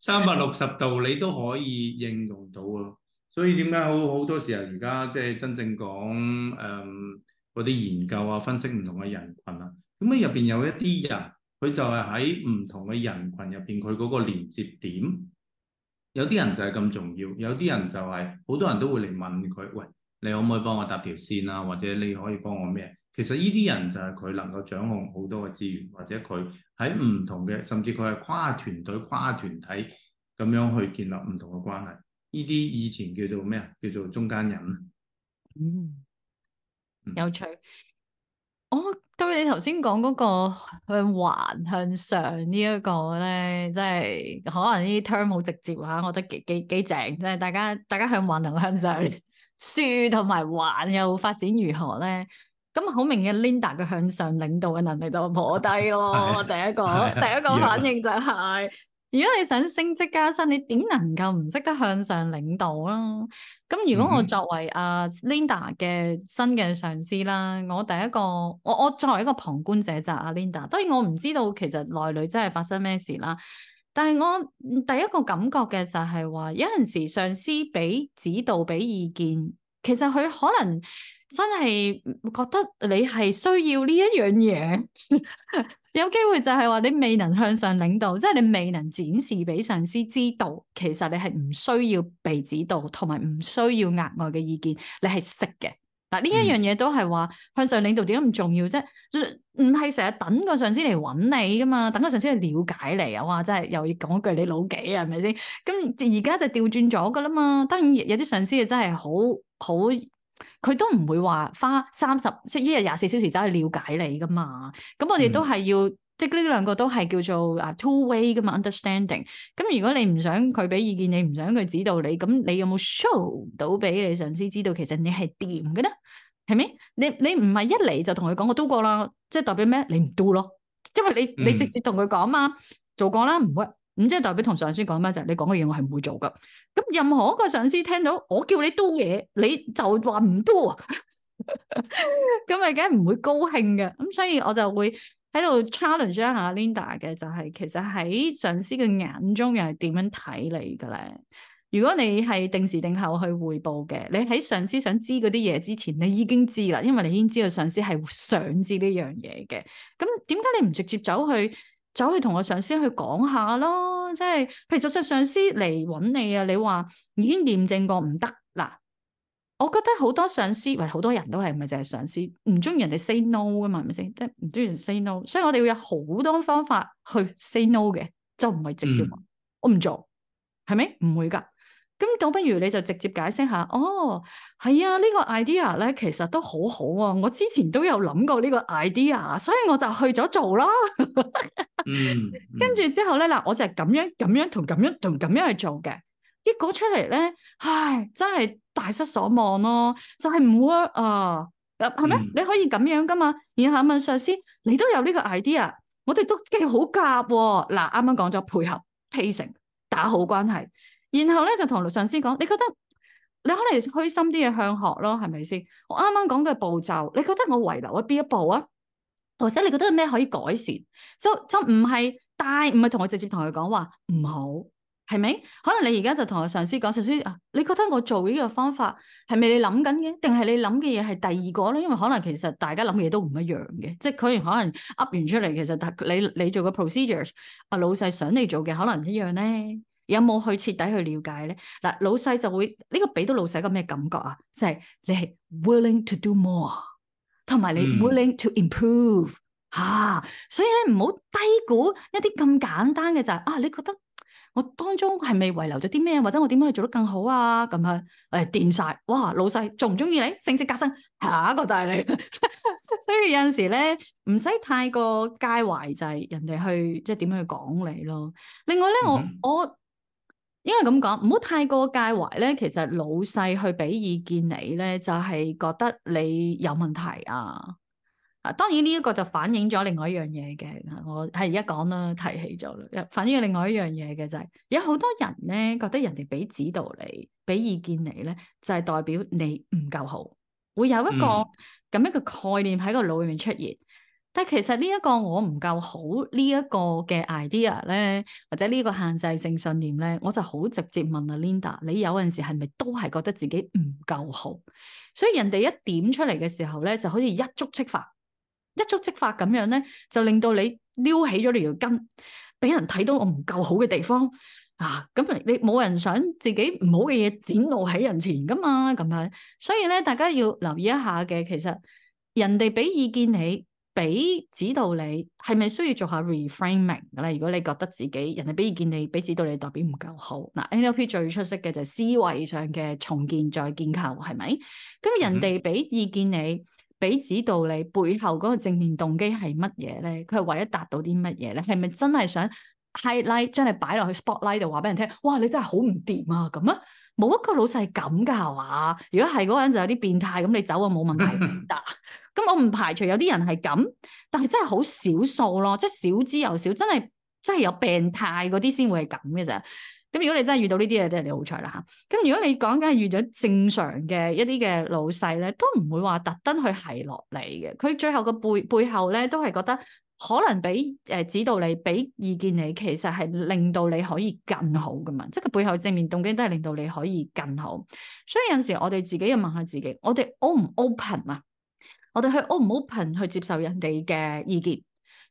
三百六十度你都可以應用到咯。所以點解好好多時候而家即係真正講誒嗰啲研究啊、分析唔同嘅人群啊？咁咧，入邊有一啲人，佢就係喺唔同嘅人群入邊，佢嗰個連接點。有啲人就係咁重要，有啲人就係、係、好多人都會嚟問佢：喂，你可唔可以幫我搭條線啊？或者你可以幫我咩？其實呢啲人就係佢能夠掌控好多嘅資源，或者佢喺唔同嘅，甚至佢係跨團隊、跨團體咁樣去建立唔同嘅關係。呢啲以前叫做咩啊？叫做中間人。嗯嗯、有趣。Oh, 你頭先講嗰個向橫向上呢一個咧，即係可能呢啲 term 好直接吓，我覺得幾幾幾正，即係大家大家向橫同向上，樹同埋橫又發展如何咧？咁好明顯，Linda 嘅向上領導嘅能力就頗低咯。啊、第一個、啊、第一個反應就係、是。如果你想升職加薪，你點能夠唔識得向上領導啊？咁如果我作為阿 Linda 嘅新嘅上司啦，我第一個，我我作為一個旁觀者就阿 Linda，當然我唔知道其實內裏真係發生咩事啦。但係我第一個感覺嘅就係話，有陣時上司俾指導俾意見，其實佢可能。真係覺得你係需要呢一樣嘢，有機會就係話你未能向上領導，即係你未能展示俾上司知道，其實你係唔需要被指導，同埋唔需要額外嘅意見，你係識嘅。嗱、嗯，呢一樣嘢都係話向上領導點解咁重要啫？唔係成日等個上司嚟搵你噶嘛，等個上司嚟了解你啊！哇，真係又要講句你老幾啊？係咪先？咁而家就調轉咗噶啦嘛。當然有啲上司啊，真係好好。佢都唔會話花三十，即一日廿四小時走去了解你噶嘛，咁我哋都係要、嗯、即呢兩個都係叫做啊 two way 嘅嘛 understanding。咁如果你唔想佢俾意見，你唔想佢指導你，咁你有冇 show 到俾你上司知道其實你係掂嘅咧？係咪？你你唔係一嚟就同佢講我 do 過啦，即代表咩？你唔 do 咯，因為你、嗯、你直接同佢講啊嘛，做過啦，唔會。咁即係代表同上司講咩？就係你講嘅嘢，我係唔會做噶。咁任何一個上司聽到我叫你 do 嘢，你就話唔 do 啊，咁咪梗係唔會高興嘅。咁所以我就會喺度 challenge 一下 Linda 嘅，就係其實喺上司嘅眼中又係點樣睇你嘅咧？如果你係定時定候去匯報嘅，你喺上司想知嗰啲嘢之前，你已經知啦，因為你已經知道上司係想知呢樣嘢嘅。咁點解你唔直接走去？走去同個上司去講下咯，即係譬如就算上司嚟揾你啊，你話已經驗證過唔得嗱，我覺得好多上司喂，好多人都係咪係就係淨係上司唔中意人哋 say no 嘅嘛，係咪先？即係唔中意人 say no，所以我哋會有好多方法去 say no 嘅，就唔係直接話、嗯、我唔做，係咪？唔會噶。咁倒不如你就直接解釋下，哦，係啊，呢、呢個 idea 咧其實都好好啊。我之前都有諗過呢個 idea，所以我就去咗做啦。 嗯，跟、嗯、住之後咧嗱，我就係咁樣、咁樣同咁樣同咁樣去做嘅，結果出嚟咧，唉，真係大失所望咯、啊，就係唔 work 啊，係咩？嗯、你可以咁樣噶嘛？然後問上司，你都有呢個 idea，我哋都幾好夾喎。嗱、啊，啱啱講咗配合、pacing、打好關係。然後咧，就同個上司講，你覺得你可能開心啲嘅向學咯，係咪先？我啱啱講嘅步驟，你覺得我遺留咗邊一步啊？或者你覺得有咩可以改善？So, 就就唔係帶，唔係同我直接同佢講話唔好，係咪？可能你而家就同個上司講，上司啊，你覺得我做呢個方法係咪你諗緊嘅？定係你諗嘅嘢係第二個咧？因為可能其實大家諗嘅嘢都唔一樣嘅，即係佢可能 up 完出嚟，其實你你做嘅 procedures，老細想你做嘅可能唔一樣咧。有冇去徹底去了解咧？嗱，老細就會呢個俾到老細個咩感覺啊？就係你係 willing to do more，同埋你 willing to improve 吓。所以咧，唔好低估一啲咁簡單嘅，就係啊，你覺得我當中係咪遺留咗啲咩？或者我點樣去做得更好啊？咁樣誒，掂晒哇，老細仲唔中意你？升職加薪，下一個就係你。所以有陣時咧，唔使太過介懷，就係人哋去即係點樣去講你咯。另外咧，我我。因為咁講，唔好太過介懷咧。其實老細去俾意見你咧，就係、是、覺得你有問題啊。啊，當然呢一個就反映咗另外一樣嘢嘅，我係而家講啦，提起咗啦。反映另外一樣嘢嘅就係、是，有好多人咧覺得人哋俾指導你、俾意見你咧，就係、是、代表你唔夠好，會有一個咁、嗯、樣嘅概念喺個腦入面出現。但其實呢一個我唔夠好呢一個嘅 idea 咧，或者呢個限制性信念咧，我就好直接問啊 Linda，你有陣時係咪都係覺得自己唔夠好？所以人哋一點出嚟嘅時候咧，就好似一觸即發，一觸即發咁樣咧，就令到你撩起咗條筋，俾人睇到我唔夠好嘅地方啊！咁你冇人想自己唔好嘅嘢展露喺人前噶嘛？咁樣，所以咧大家要留意一下嘅，其實人哋俾意見你。俾指導你係咪需要做下 reframing 咧？如果你覺得自己人哋俾意見你，俾指導你代表唔夠好，嗱 NLP 最出色嘅就係思維上嘅重建再建構係咪？咁人哋俾意見你，俾指導你背後嗰個正面動機係乜嘢咧？佢係為咗達到啲乜嘢咧？係咪真係想 highlight 將你擺落去 spotlight 度話俾人聽？哇！你真係好唔掂啊！咁啊，冇一個老細係咁㗋係嘛？如果係嗰個人就有啲變態，咁你走啊，冇問題唔得。 咁我唔排除有啲人係咁，但係真係好少數咯，即係少之又少，真係真係有病態嗰啲先會係咁嘅咋。咁如果你真係遇到呢啲嘢，真係你好彩啦吓。咁如果你講緊係遇咗正常嘅一啲嘅老細咧，都唔會話特登去係落嚟嘅。佢最後個背背後咧都係覺得可能俾誒指導你，俾意見你，其實係令到你可以更好噶嘛。即係個背後正面動機都係令到你可以更好。所以有陣時我哋自己又問下自己，我哋 open 唔 open 啊？我哋去 open, open 去接受人哋嘅意見。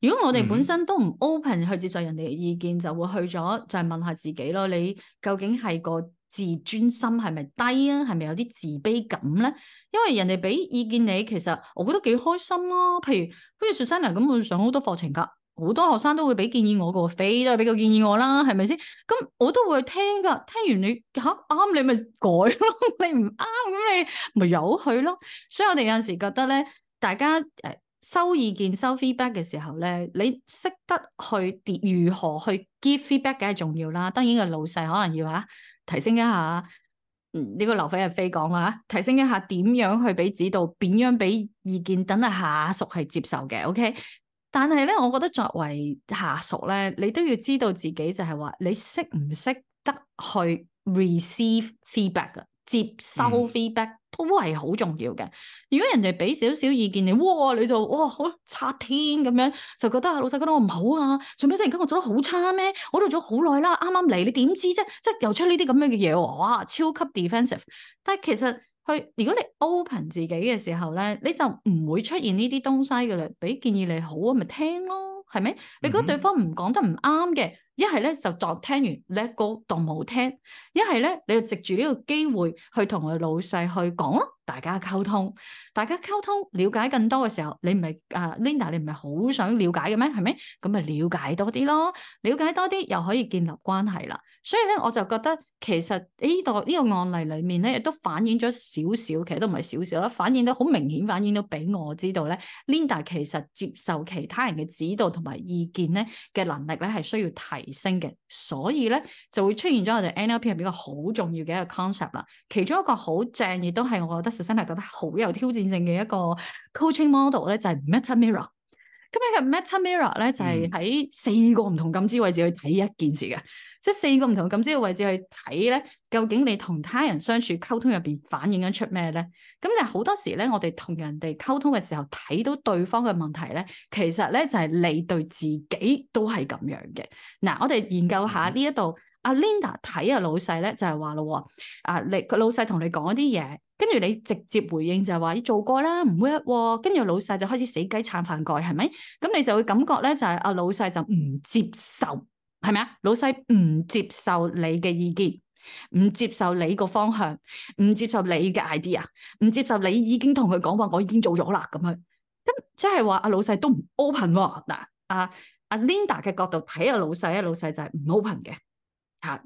如果我哋本身都唔 open 去接受人哋嘅意見，嗯、就會去咗就係、是、問下自己咯。你究竟係個自尊心係咪低啊？係咪有啲自卑感咧？因為人哋俾意見你，其實我覺得幾開心啦、啊。譬如好似 Susanna 咁，我上好多課程㗎。好多學生都會俾建議我個 feedback，都係俾個建議我啦，係咪先？咁我都會聽噶，聽完你吓啱，你咪改咯；你唔啱，咁你咪由佢咯。所以我哋有陣時覺得咧，大家誒收意見、收 feedback 嘅時候咧，你識得去點，如何去 give feedback 梗係重要啦。當然個老細可能要吓提升一下，嗯、呢、這個劉飛係飛講啦，提升一下點樣去俾指導，點樣俾意見，等阿下屬係接受嘅。OK。但係咧，我覺得作為下屬咧，你都要知道自己就係話，你識唔識得去 receive feedback 啊？接收 feedback 都係好重要嘅。如果人哋俾少少意見你，哇！你就哇，好拆天咁樣，就覺得老細覺得我唔好啊？做咩突然間我做得好差咩？我做咗好耐啦，啱啱嚟，你點知啫？即係又出呢啲咁樣嘅嘢，哇！超級 defensive。但係其實，去如果你 open 自己嘅時候咧，你就唔會出現呢啲東西嘅嘞。俾建議你好啊，咪聽咯，係咪？你覺得對方唔講得唔啱嘅，一係咧就當聽完 let go，當冇聽；一係咧，你就藉住呢個機會去同佢老細去講咯，大家溝通，大家溝通了解更多嘅時候，你唔係啊 Linda，你唔係好想了解嘅咩？係咪？咁咪了解多啲咯，了解多啲又可以建立關係啦。所以咧，我就覺得。其實呢、呢個呢、呢個案例裏面咧，亦都反映咗少少，其實都唔係少少啦，反映到好明顯，反映到俾我知道咧，Linda 其實接受其他人嘅指導同埋意見咧嘅能力咧係需要提升嘅，所以咧就會出現咗我哋 NLP 係比較好重要嘅一個 concept 啦。其中一個好正，亦都係我覺得 Susanna 係覺得好有挑戰性嘅一個 coaching model 咧，就係、是、Meta Mirror。咁樣嘅 Meta Mirror 咧，就係、是、喺四個唔同感知位置去睇一件事嘅，即係四個唔同感知嘅位置去睇咧，究竟你同他人相處溝通入邊反映緊出咩咧？咁就好多時咧，我哋同人哋溝通嘅時候睇到對方嘅問題咧，其實咧就係、是、你對自己都係咁樣嘅。嗱，我哋研究下呢一度。嗯阿 Linda 睇、就是、啊，老細咧就係話咯，啊你佢老細同你講嗰啲嘢，跟住你直接回應就係話你做過啦，唔會啊，跟住老細就開始死雞撐飯蓋，係咪？咁你就會感覺咧就係、是、阿、啊、老細就唔接受，係咪啊？老細唔接受你嘅意見，唔接受你個方向，唔接受你嘅 idea，唔接受你已經同佢講話，我已經做咗啦咁樣，咁即係話阿老細都唔 open 喎、啊。嗱、啊，阿、啊、阿 Linda 嘅角度睇阿老細咧，老細就係唔 open 嘅。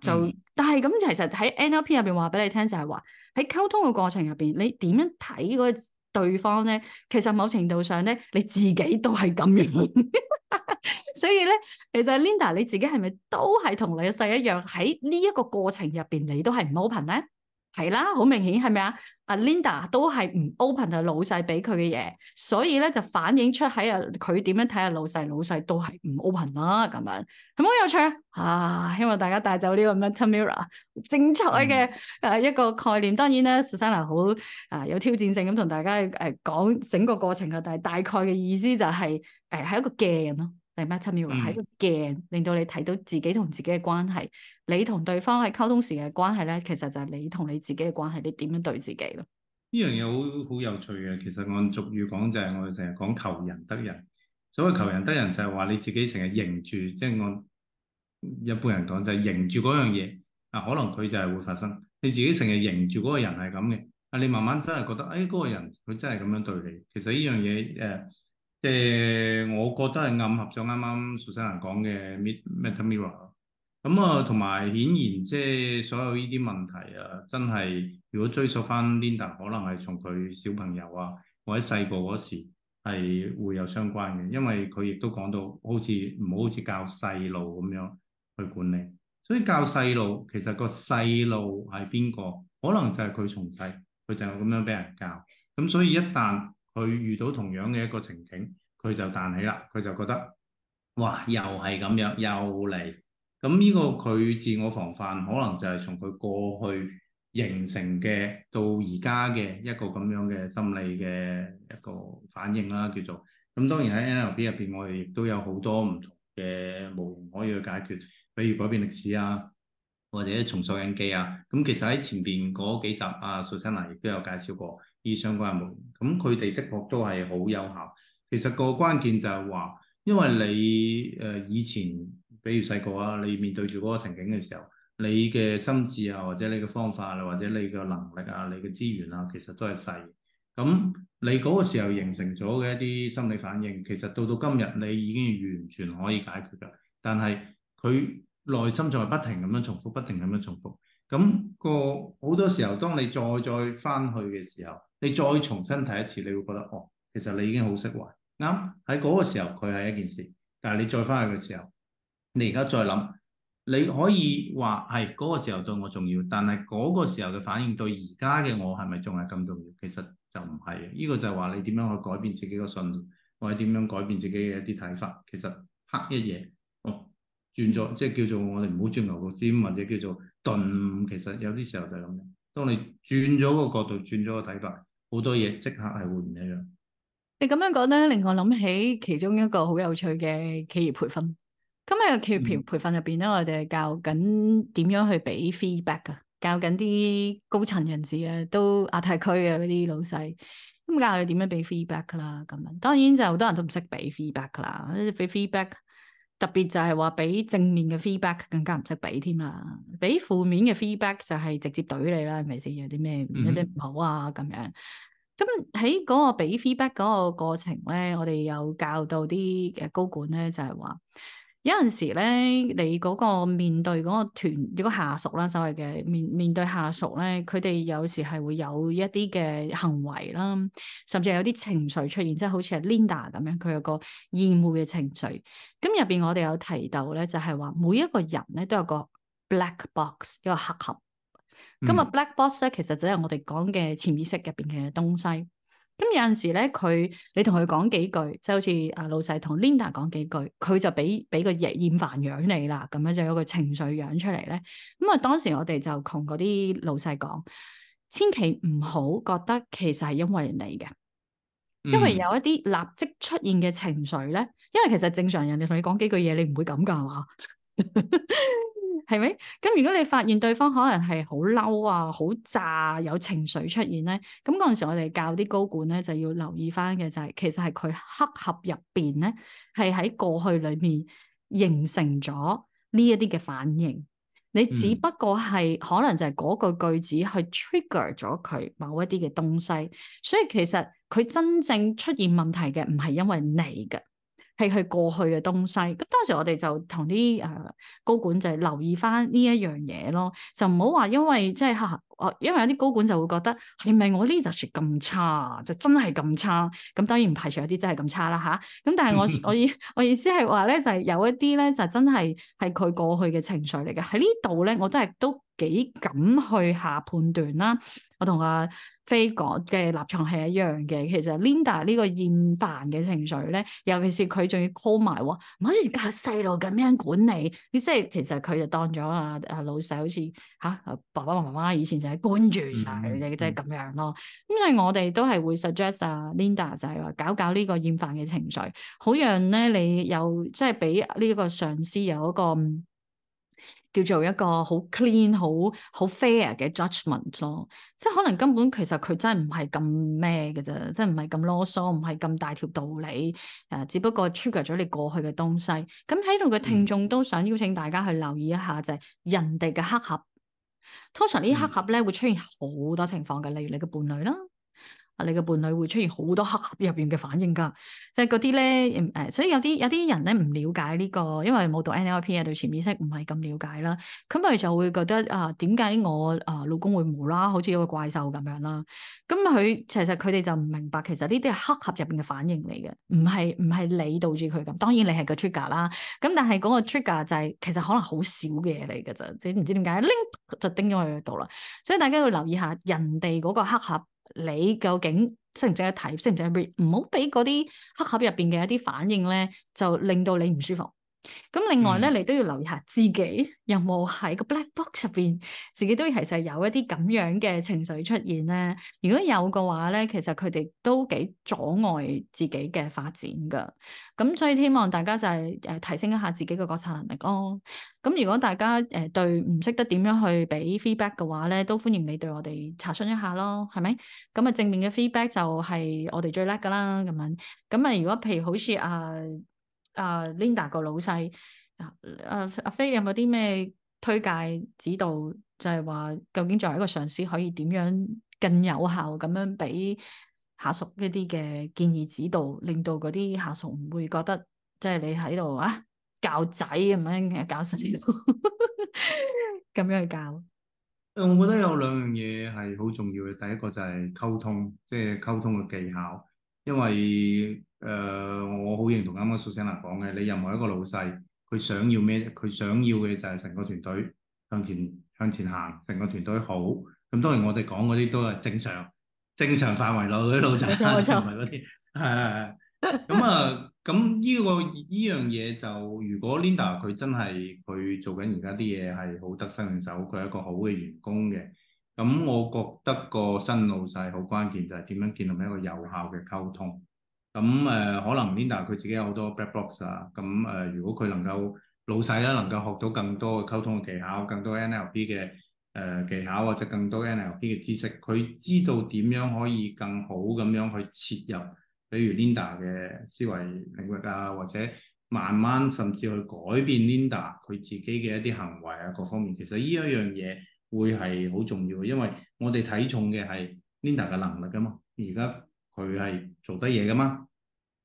就，但係咁，其實喺 NLP 入邊話俾你聽就係話，喺溝通嘅過程入邊，你點樣睇嗰個對方咧？其實某程度上咧，你自己都係咁樣。 所以咧，其實 Linda 你自己係咪都係同你嘅細一樣？喺呢一個過程入邊，你都係唔 open 咧？係啦，好明顯係咪啊？阿 Linda 都係唔 open，就老細俾佢嘅嘢，所以咧就反映出喺阿佢點樣睇下老細，老細都係唔 open 啦。咁樣係咪好有趣啊，啊？希望大家帶走呢個 meta mirror 精彩嘅誒一個概念。當然啦，Susanna 好啊，有挑戰性咁同大家誒講整個過程嘅，但係大概嘅意思就係誒係一個鏡咯。第七秒喺個鏡，令到、嗯、你睇到自己同自己嘅關係，你同對方喺溝通時嘅關係咧，其實就係你同你自己嘅關係，你點樣對自己咯？呢樣嘢好好有趣嘅，其實按俗語講就係我哋成日講求人得人，所謂求人得人就係話你自己成日迎住，即係按一般人講就係迎住嗰樣嘢，啊可能佢就係會發生，你自己成日迎住嗰個人係咁嘅，啊你慢慢真係覺得，哎嗰、嗰個人佢真係咁樣對你，其實呢樣嘢誒。呃即、呃、我覺得係暗合咗啱啱 Susanna 講嘅 Meta Mirror 咁啊，同埋、嗯、顯然即係、就是、所有呢啲問題啊，真係如果追溯翻 Linda，可能係從佢小朋友啊，或者細個嗰時係會有相關嘅。因為佢亦都講到，好似唔好好似教細路咁樣去管理。所以教細路其實個細路係邊個？可能就係佢從細，佢就係咁樣俾人教。咁、嗯、所以一旦佢遇到同樣嘅一個情景，佢就彈起啦。佢就覺得，哇，又係咁樣，又嚟。咁呢個佢自我防範，可能就係從佢過去形成嘅到而家嘅一個咁樣嘅心理嘅一個反應啦。叫做咁。當然喺 NLP 入邊，我哋亦都有好多唔同嘅模型可以去解決，比如改變歷史啊，或者重塑印記啊。咁其實喺前邊嗰幾集啊，Susanna 啊，亦都有介紹過。以上嗰人們，咁佢哋的確都係好有效。其實個關鍵就係話，因為你誒、呃、以前，比如細個啊，你面對住嗰個情景嘅時候，你嘅心智啊，或者你嘅方法啊，或者你嘅能力啊，你嘅資源啊，其實都係細。咁你嗰個時候形成咗嘅一啲心理反應，其實到到今日你已經完全可以解決㗎。但係佢內心仲係不停咁樣重複，不停咁樣重複。咁、那個好多時候，當你再再翻去嘅時候，你再重新睇一次，你會覺得哦，其實你已經好釋懷。啱喺嗰個時候，佢係一件事，但係你再翻去嘅時候，你而家再諗，你可以話係嗰個時候對我重要，但係嗰個時候嘅反應對而家嘅我係咪仲係咁重要？其實就唔係。呢、這個就係話你點樣去改變自己個信念，或者點樣改變自己嘅一啲睇法。其實黑一夜。轉咗，即係叫做我哋唔好轉牛角尖，或者叫做頓。其實有啲時候就係咁嘅。當你轉咗個角度，轉咗個睇法，好多嘢即刻係會唔一樣。你咁樣講咧，令我諗起其中一個好有趣嘅企業培訓。今日企業培培訓入邊咧，嗯、我哋教緊點樣去俾 feedback 啊。教緊啲高層人士啊，都亞太區嘅嗰啲老細，咁教佢點樣俾 feedback 啦。咁當然就好多人都唔識俾 feedback 噶啦，俾 feedback。特別就係話俾正面嘅 feedback 更加唔識俾添啦，俾負面嘅 feedback 就係直接懟你啦，係咪先？有啲咩有啲唔好啊，咁樣。咁喺嗰個俾 feedback 嗰個過程咧，我哋有教到啲嘅高管咧，就係話。有陣時咧，你嗰個面對嗰個團，如果下屬啦，所謂嘅面面對下屬咧，佢哋有時係會有一啲嘅行為啦，甚至係有啲情緒出現，即係好似係 Linda 咁樣，佢有個厭惡嘅情緒。咁入邊我哋有提到咧，就係話每一個人咧都有個 black box 一個黑盒。咁啊，嗯，black box 咧其實就係我哋講嘅潛意識入邊嘅東西。咁有陣時咧，佢你同佢講幾句，即係好似啊老細同 Linda 講幾句，佢就俾俾個厭厭煩樣你啦，咁樣就有個情緒養出嚟咧。咁啊，當時我哋就同嗰啲老細講，千祈唔好覺得其實係因為你嘅，因為有一啲立即出現嘅情緒咧，因為其實正常人哋同你講幾句嘢，你唔會咁噶，係嘛？ 係咪？咁如果你發現對方可能係好嬲啊、好炸，有情緒出現咧，咁嗰陣時我哋教啲高管咧就要留意翻嘅就係、是，其實係佢黑盒入邊咧係喺過去裡面形成咗呢一啲嘅反應。你只不過係、嗯、可能就係嗰句句子去 trigger 咗佢某一啲嘅東西，所以其實佢真正出現問題嘅唔係因為你嘅。係佢過去嘅東西，咁當時我哋就同啲誒高管就係留意返呢一樣嘢咯，就唔好話因為即係嚇。啊。我因為有啲高管就會覺得係咪我 Linda 咁差？就真係咁差？咁當然唔排除有啲真係咁差啦嚇。咁但係我我意我意思係話咧，就係有一啲咧就真係係佢過去嘅情緒嚟嘅。喺呢度咧，我真係都幾敢去下判斷啦。我同阿飛哥嘅立場係一樣嘅。其實 Linda 呢個厭煩嘅情緒咧，尤其是佢仲要 call 埋喎，唔係教細路咁樣管理，即係其實佢就當咗阿阿老細，好似嚇爸爸媽媽以前就。關注晒佢哋，即係咁樣咯。咁所以我哋都係會 suggest 啊，Linda 就係話搞搞呢個厭煩嘅情緒，好讓咧你又即係俾呢個上司有一個叫做一個好 clean、好好 fair 嘅 judgment 咗。即係可能根本其實佢真係唔係咁咩嘅啫，即係唔係咁囉嗦，唔係咁大條道理。誒，只不過 trigger 咗你過去嘅東西。咁喺度嘅聽眾都想邀請大家去留意一下，就係人哋嘅黑盒。通常呢啲黑盒咧會出現好多情況嘅，例如你嘅伴侶啦。你嘅伴侶會出現好多黑盒入邊嘅反應㗎，即係嗰啲咧誒，所以有啲有啲人咧唔了解呢、呢個，因為冇讀 NLP 啊，對潛意識唔係咁了解啦，咁佢就會覺得啊，點、呃、解我啊、呃、老公會冇啦，好似一個怪獸咁樣啦？咁佢其實佢哋就唔明白，其實呢啲係黑盒入邊嘅反應嚟嘅，唔係唔係你導致佢咁，當然你係個 trigger 啦 tr、就是。咁但係嗰個 trigger 就係其實可能好少嘅嘢嚟嘅咋，就唔、是、知點解拎就叮咗佢度啦。所以大家要留意下人哋嗰個黑盒。你究竟識唔識得睇，識唔識得 read，唔好俾嗰啲黑盒入邊嘅一啲反應咧，就令到你唔舒服。咁另外咧，嗯、你都要留意下自己有冇喺個 Black Box 入邊，自己都其實有一啲咁樣嘅情緒出現咧。如果有嘅話咧，其實佢哋都幾阻礙自己嘅發展噶。咁所以希望大家就係誒提升一下自己嘅覺察能力咯。咁如果大家誒對唔識得點樣去俾 feedback 嘅話咧，都歡迎你對我哋查詢一下咯，係咪？咁啊正面嘅 feedback 就係我哋最叻噶啦，咁樣。咁啊如果譬如好似啊。啊、uh，Linda 個老細，啊，阿阿飛，你有冇啲咩推介指導？就係話，究竟作為一個上司，可以點樣更有效咁樣俾下屬一啲嘅建議指導，令到嗰啲下屬唔會覺得，即係你喺度啊教仔咁樣，搞死咗，咁 樣去教。誒，我覺得有兩樣嘢係好重要嘅，第一個就係溝通，即係溝通嘅技巧，因為。誒，uh, 我好認同啱啱 Susanna 講嘅，你任何一個老細，佢想要咩？佢想要嘅就係成個團隊向前向前行，成個團隊好。咁當然我哋講嗰啲都係正常，正常範圍內嗰啲老細，唔係嗰啲。係係係。咁啊，咁呢，這個呢樣嘢就，如果 Linda 佢真係佢做緊而家啲嘢係好得心應手，佢係一個好嘅員工嘅。咁我覺得個新老細好關鍵就係點樣建立一個有效嘅溝通。咁誒、呃、可能 Linda 佢自己有好多 blackbox 啊，咁、呃、誒如果佢能夠老細啦，能夠學到更多嘅溝通嘅技巧，更多 NLP 嘅誒、呃、技巧或者更多 NLP 嘅知識，佢知道點樣可以更好咁樣去切入，比如 Linda 嘅思維領域啊，或者慢慢甚至去改變 Linda 佢自己嘅一啲行為啊各方面，其實呢一樣嘢會係好重要嘅，因為我哋睇重嘅係 Linda 嘅能力噶嘛，而家。佢係做得嘢噶嘛？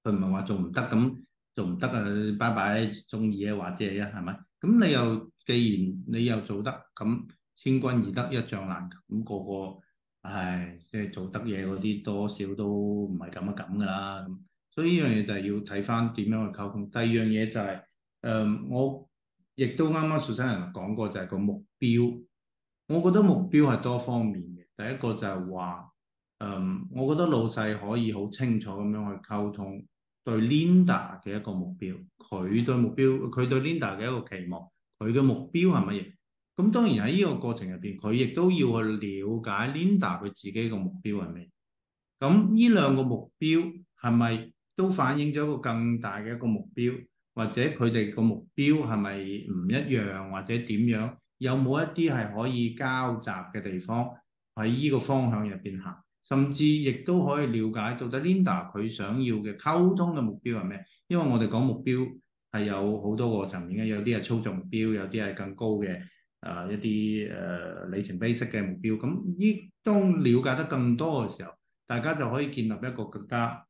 佢唔係話做唔得咁做唔得啊！拜拜，中意啊，或者啊，係咪？咁你又既然你又做得咁千軍易得一將難，咁、那個個唉，即係做得嘢嗰啲多少都唔係咁啊咁㗎啦。咁所以呢樣嘢就係要睇翻點樣去溝通。第二樣嘢就係、是、誒、呃，我亦都啱啱蘇生人講過，就係個目標。我覺得目標係多方面嘅。第一個就係話。嗯，um, 我覺得老細可以好清楚咁樣去溝通對 Linda 嘅一個目標，佢對目標，佢對 Linda 嘅一個期望，佢嘅目標係乜嘢。咁當然喺呢個過程入邊，佢亦都要去了解 Linda 佢自己個目標係咩。咁呢兩個目標係咪都反映咗一個更大嘅一個目標？或者佢哋個目標係咪唔一樣？或者點樣？有冇一啲係可以交集嘅地方喺呢個方向入邊行？甚至亦都可以了解到底 Linda 佢想要嘅溝通嘅目標係咩？因為我哋講目標係有好多個層面嘅，有啲係操作目標，有啲係更高嘅誒、呃、一啲誒里程碑式嘅目標。咁、嗯、依當了解得更多嘅時候，大家就可以建立一個更加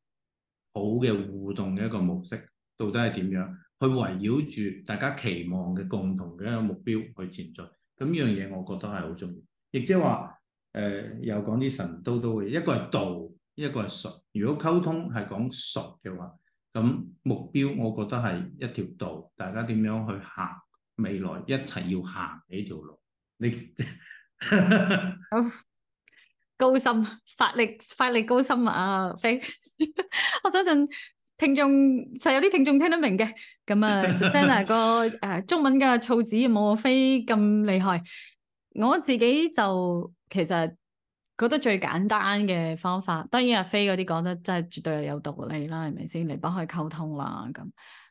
好嘅互動嘅一個模式。到底係點樣去圍繞住大家期望嘅共同嘅一個目標去前進。咁依樣嘢我覺得係好重要，亦即係話。嗯誒、呃，又講啲神叨叨嘅，一個係道，一個係術。如果溝通係講術嘅話，咁目標我覺得係一條道，大家點樣去行？未來一齊要行呢條路。你， 好，高深，法力法力高深啊！飛， 我相信聽眾實有啲聽眾聽得明嘅。咁啊，Senna、 那個誒、啊、中文嘅措辭冇我飛咁厲害，我自己就～其實覺得最簡單嘅方法，當然阿飛嗰啲講得真係絕對係有道理啦，係咪先？離不開溝通啦咁。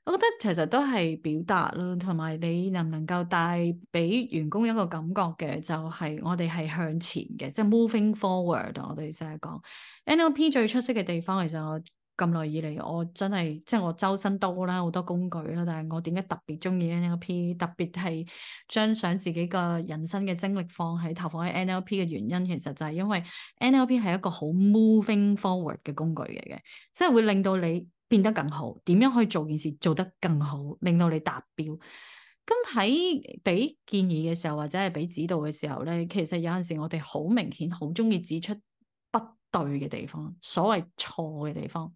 我覺得其實都係表達啦，同埋你能唔能夠帶俾員工一個感覺嘅，就係我哋係向前嘅，即係 moving forward。我哋成日講 NLP 最出色嘅地方，其實我咁耐以嚟，我真係即係我周身多啦，好多工具啦。但係我點解特別中意 NLP，特別係將想自己個人生嘅精力放喺投放喺 NLP 嘅原因，其實就係因為 NLP 係一個好 moving forward 嘅工具嚟嘅，即係會令到你變得更好，點樣去做件事做得更好，令到你達標。咁喺俾建議嘅時候，或者係俾指導嘅時候咧，其實有陣時我哋好明顯好中意指出。對嘅地方，所謂錯嘅地方，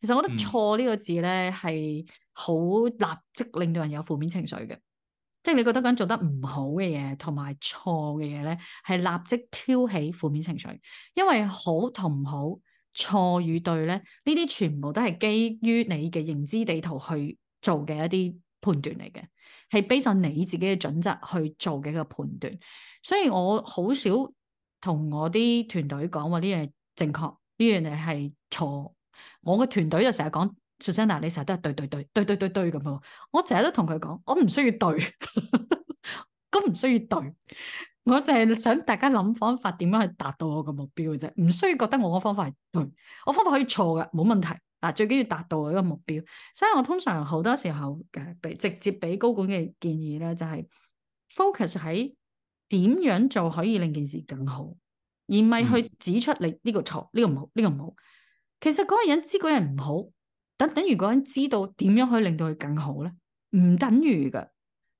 其實我覺得錯呢個字咧係好立即令到人有負面情緒嘅，即係你覺得噉做得唔好嘅嘢、同埋錯嘅嘢咧，係立即挑起負面情緒。因為好同唔好，錯與對咧，呢啲全部都係基於你嘅認知地圖去做嘅一啲判斷嚟嘅，係 base 喺你自己嘅準則去做嘅一個判斷。所以我好少同我啲團隊講話呢樣正確呢樣嘢係錯，我個團隊就成日講 Susanna 啊， S ana, 你成日都係對對對，對對對對對對對咁喎。我成日都同佢講，我唔需要對，咁 唔需要對，我就係想大家諗方法點樣去達到我個目標嘅啫，唔需要覺得我個方法係對，我方法可以錯嘅冇問題。嗱，最緊要達到我一個目標，所以我通常好多時候誒，俾直接俾高管嘅建議咧，就係，就係 focus 喺點樣做可以令件事更好。而唔係去指出你呢、嗯、個錯呢、呢個唔好呢、呢個唔好，其實嗰個人知嗰人唔好，等等於嗰人知道點樣可以令到佢更好咧，唔等於噶。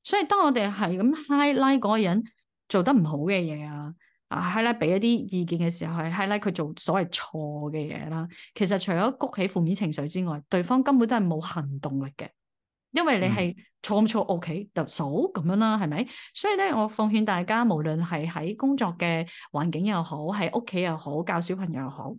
所以當我哋係咁 high 拉嗰個人做得唔好嘅嘢啊，啊 high 拉俾一啲意見嘅時候，係 high 拉佢做所謂錯嘅嘢啦，其實除咗谷起負面情緒之外，對方根本都係冇行動力嘅。因為你係坐唔坐屋企，okay, 特首咁樣啦，係咪？所以咧，我奉勸大家，無論係喺工作嘅環境又好，喺屋企又好，教小朋友又好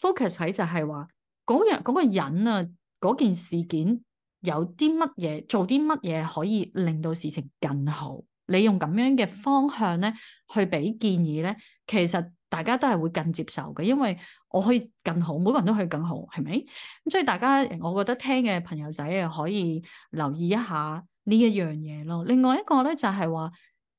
，focus 喺就係話嗰樣個人啊，嗰件事件有啲乜嘢，做啲乜嘢可以令到事情更好？你用咁樣嘅方向咧，去俾建議咧，其實。大家都係會更接受嘅，因為我可以更好，每個人都可以更好，係咪？咁所以大家，我覺得聽嘅朋友仔啊，可以留意一下呢一樣嘢咯。另外一個咧就係話，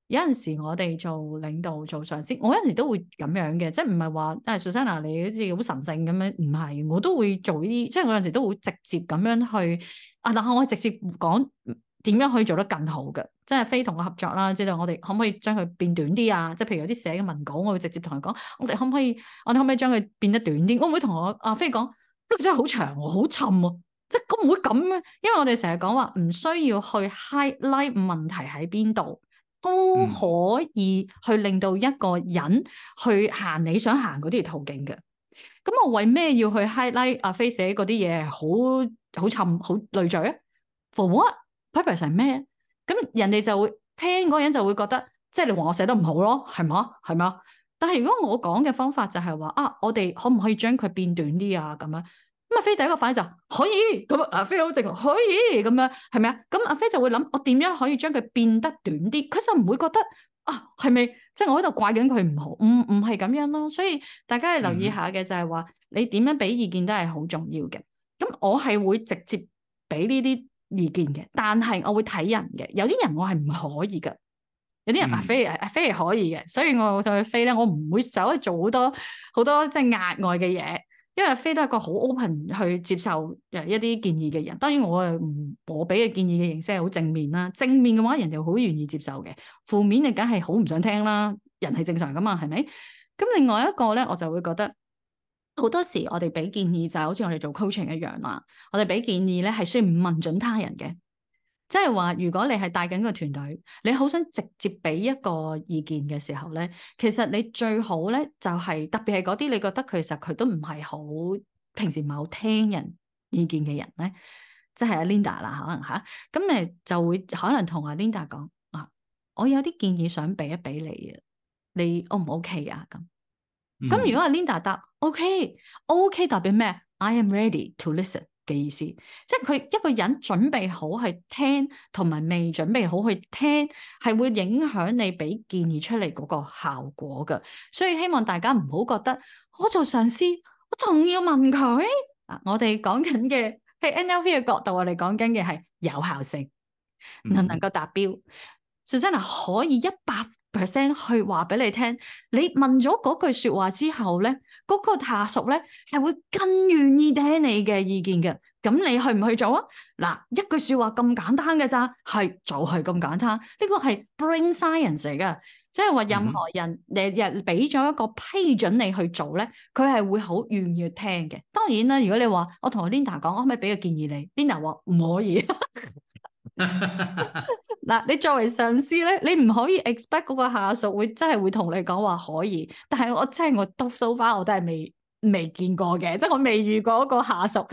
有陣時我哋做領導做上司，我有陣時都會咁樣嘅，即係唔係話，但係 Susanna 你好似好神聖咁樣，唔係，我都會做呢啲，即係我有陣時都會直接咁樣去，啊，但係我係直接講。點樣可以做得更好嘅？即係飛同我合作啦、啊，知道我哋可唔可以將佢變短啲啊？即係譬如有啲寫嘅文稿，我會直接同佢講：我哋可唔可以？我哋可唔可以將佢變得短啲？我唔會同我阿飛講：呢、啊這個真係好長喎、啊，好沉喎、啊！即係我唔會咁啊，因為我哋成日講話唔需要去 highlight 問題喺邊度，都可以去令到一個人去行你想行嗰啲途徑嘅。咁、嗯、我為咩要去 highlight 阿、啊、飛寫嗰啲嘢？好好沉、好累贅啊！For what? purpose 係咩？咁人哋就會聽嗰個人就會覺得，即係你話我寫得唔好咯，係嘛？係咪啊？但係如果我講嘅方法就係話啊，我哋可唔可以將佢變短啲啊？咁樣，咁阿飛第一個反應就可以咁阿飛好正，可以咁樣，係咪啊？咁阿飛就會諗，我點樣可以將佢變得短啲？佢就唔會覺得啊，係咪？即係我喺度怪緊佢唔好，唔唔係咁樣咯。所以大家係留意下嘅就係話，你點樣俾意見都係好重要嘅。咁我係會直接俾呢啲。意見嘅，但係我會睇人嘅，有啲人我係唔可以噶，有啲人、嗯、阿飛誒阿飛可以嘅，所以我就去飛咧，我唔會走去做好多好多即係額外嘅嘢，因為飛都係個好 open 去接受誒一啲建議嘅人，當然我唔，我俾嘅建議嘅形式係好正面啦，正面嘅話人哋好願意接受嘅，負面嘅梗係好唔想聽啦，人係正常噶嘛，係咪？咁另外一個咧，我就會覺得。好多時我哋俾建議就係好似我哋做 coaching 一樣啦，我哋俾建議咧係需要問准他人嘅，即係話如果你係帶緊個團隊，你好想直接俾一個意見嘅時候咧，其實你最好咧就係、是、特別係嗰啲你覺得其實佢都唔係好平時唔係好聽人意見嘅人咧，即係阿 Linda 啦，可能吓，咁、啊、你就會可能同阿 Linda 講啊，我有啲建議想俾一俾你，你啊，你 O 唔 O K 啊？咁、嗯，咁如果阿 Linda 答。O K，O K 代表咩？I am ready to listen 嘅意思，即係佢一個人準備好去聽，同埋未準備好去聽，係會影響你俾建議出嚟嗰個效果㗎。所以希望大家唔好覺得我做上司，我仲要問佢。我哋講緊嘅係 N L P 嘅角度，我哋講緊嘅係有效性能唔能夠達標，最真係可以一百。p 去話俾你聽，你問咗嗰句說話之後咧，嗰個下屬咧係會更願意聽你嘅意見嘅。咁你去唔去做啊？嗱，一句說話咁簡單嘅咋，係就係咁簡單。呢個係 brain science 嚟噶，即係話任何人，你日俾咗一個批准你去做咧，佢係會好願意聽嘅。當然啦，如果你話我同 Linda 講，我可唔可以俾個建議你？Linda 話唔可以。 嗱， 你作為上司咧，你唔可以 expect 嗰個下屬會真係會同你講話可以。但係我,我真係我都 so far 我都係未未見過嘅，即係我未遇過一個下屬，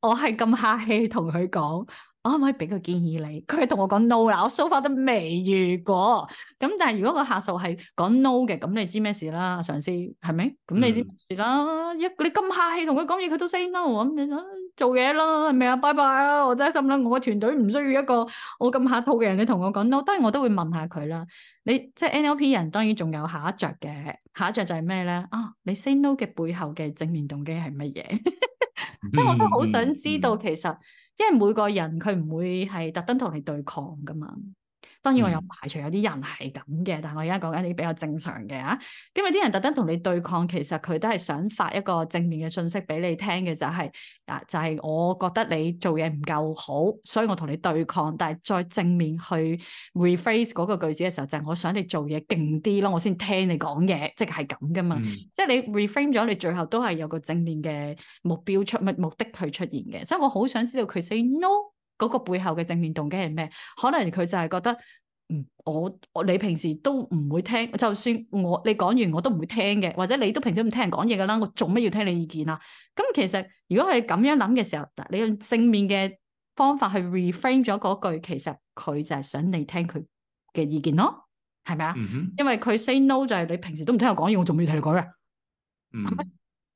我係咁客氣同佢講，我可唔可以俾佢建議你？佢係同我講 no 啦，我 so far 都未遇過。咁但係如果個下屬係講 no 嘅，咁你知咩事啦？上司係咪？咁你知咩事啦？一、mm hmm. 你咁客氣同佢講嘢，佢都 say no 咁你做嘢啦，係咪啊？拜拜啊！我真係心諗，我個團隊唔需要一個我咁客套嘅人。你同我講 no，我當然我都會問下佢啦。你即係 NLP 人，當然仲有下一著嘅。下一著就係咩咧？啊，你 say no 嘅背後嘅正面動機係乜嘢？即 係我都好想知道，其實因為每個人佢唔會係特登同你對抗噶嘛。當然我有排除有啲人係咁嘅，但係我而家講緊啲比較正常嘅嚇。因為有啲人特登同你對抗，其實佢都係想發一個正面嘅信息俾你聽嘅，就係、是、啊，就係、是、我覺得你做嘢唔夠好，所以我同你對抗。但係再正面去 reframe 嗰個句子嘅時候，就係、是、我想你做嘢勁啲咯，我先聽你講嘢，即係係咁噶嘛。即係、嗯、你 reframe 咗，你最後都係有個正面嘅目標出，目的去出現嘅。所以我好想知道佢 say no。嗰個背後嘅正面動機係咩？可能佢就係覺得，嗯，我，我你平時都唔會聽，就算我你講完我都唔會聽嘅，或者你都平時唔聽人講嘢噶啦，我做乜要聽你意見啊？咁其實如果係咁樣諗嘅時候，你用正面嘅方法去 reframe 咗嗰句，其實佢就係想你聽佢嘅意見咯，係咪啊？Mm hmm. 因為佢 say no 就係你平時都唔聽我講嘢，我仲要聽你講咩？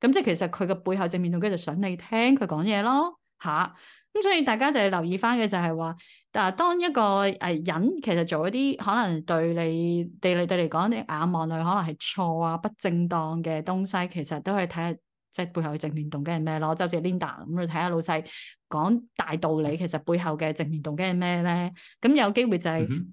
咁即係其實佢嘅背後正面動機就想你聽佢講嘢咯，嚇、啊。咁所以大家就係留意翻嘅就係話，嗱，當一個誒人其實做一啲可能對你地理對嚟講啲眼望去可能係錯啊、不正當嘅東西，其實都可以睇下即係背後嘅正面動機係咩咯。就似 Linda 咁去睇下老細講大道理，其實背後嘅正面動機係咩咧？咁有機會就係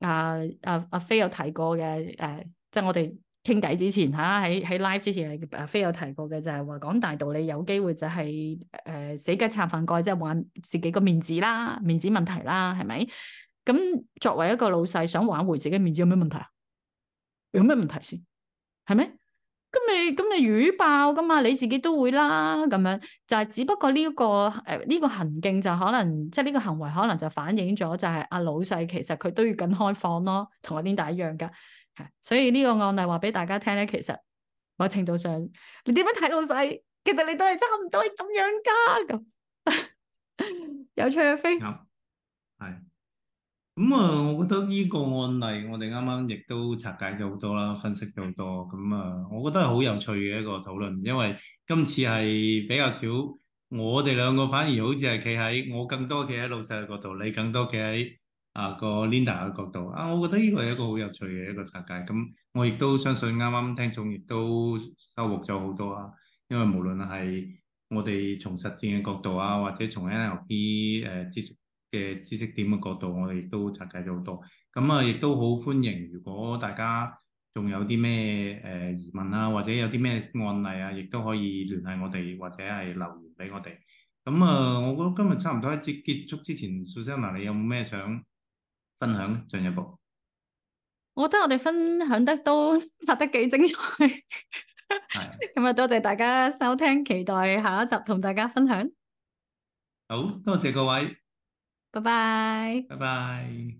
阿阿阿飛有提過嘅誒，即係我哋。傾偈之前嚇喺喺 live 之前係阿 Faye 有提過嘅就係話，講大道理有機會就係誒死雞撐飯蓋，即係玩自己個面子啦，面子問題啦係咪？咁作為一個老細想挽回自己面子有咩問題啊？有咩問題先係咩？咁你咁你語爆噶嘛？你自己都會啦咁樣就係、是、只不過呢、這、一個呢、呃這個行徑就可能即係呢個行為可能就反映咗就係阿、啊、老細其實佢都要更開放咯，同阿 Linda 一樣噶。所以呢個案例話俾大家聽咧，其實某程度上，你點樣睇老細，其實你都係差唔多係咁樣噶，咁 有趣嘅。啱係、嗯，咁啊、嗯，我覺得呢個案例我哋啱啱亦都拆解咗好多啦，分析咗好多，咁、嗯、啊，我覺得係好有趣嘅一個討論，因為今次係比較少，我哋兩個反而好似係企喺我更多企喺老細嘅角度，你更多企喺。啊個 Linda 嘅角度啊，我覺得呢個係一個好有趣嘅一個拆解。咁我亦都相信啱啱聽眾亦都收穫咗好多啊！因為無論係我哋從實戰嘅角度啊，或者從 NLP 誒、呃、知識嘅知識點嘅角度，我哋亦都拆解咗好多。咁、嗯、啊，亦都好歡迎，如果大家仲有啲咩誒疑問啊，或者有啲咩案例啊，亦都可以聯繫我哋或者係留言俾我哋。咁啊、呃，我覺得今日差唔多喺結束之前，Susanna 你有冇咩想？分享進一步，我覺得我哋分享得都拆得幾精彩，咁 啊多謝大家收聽，期待下一集同大家分享。好，多謝各位，拜拜 bye，拜拜。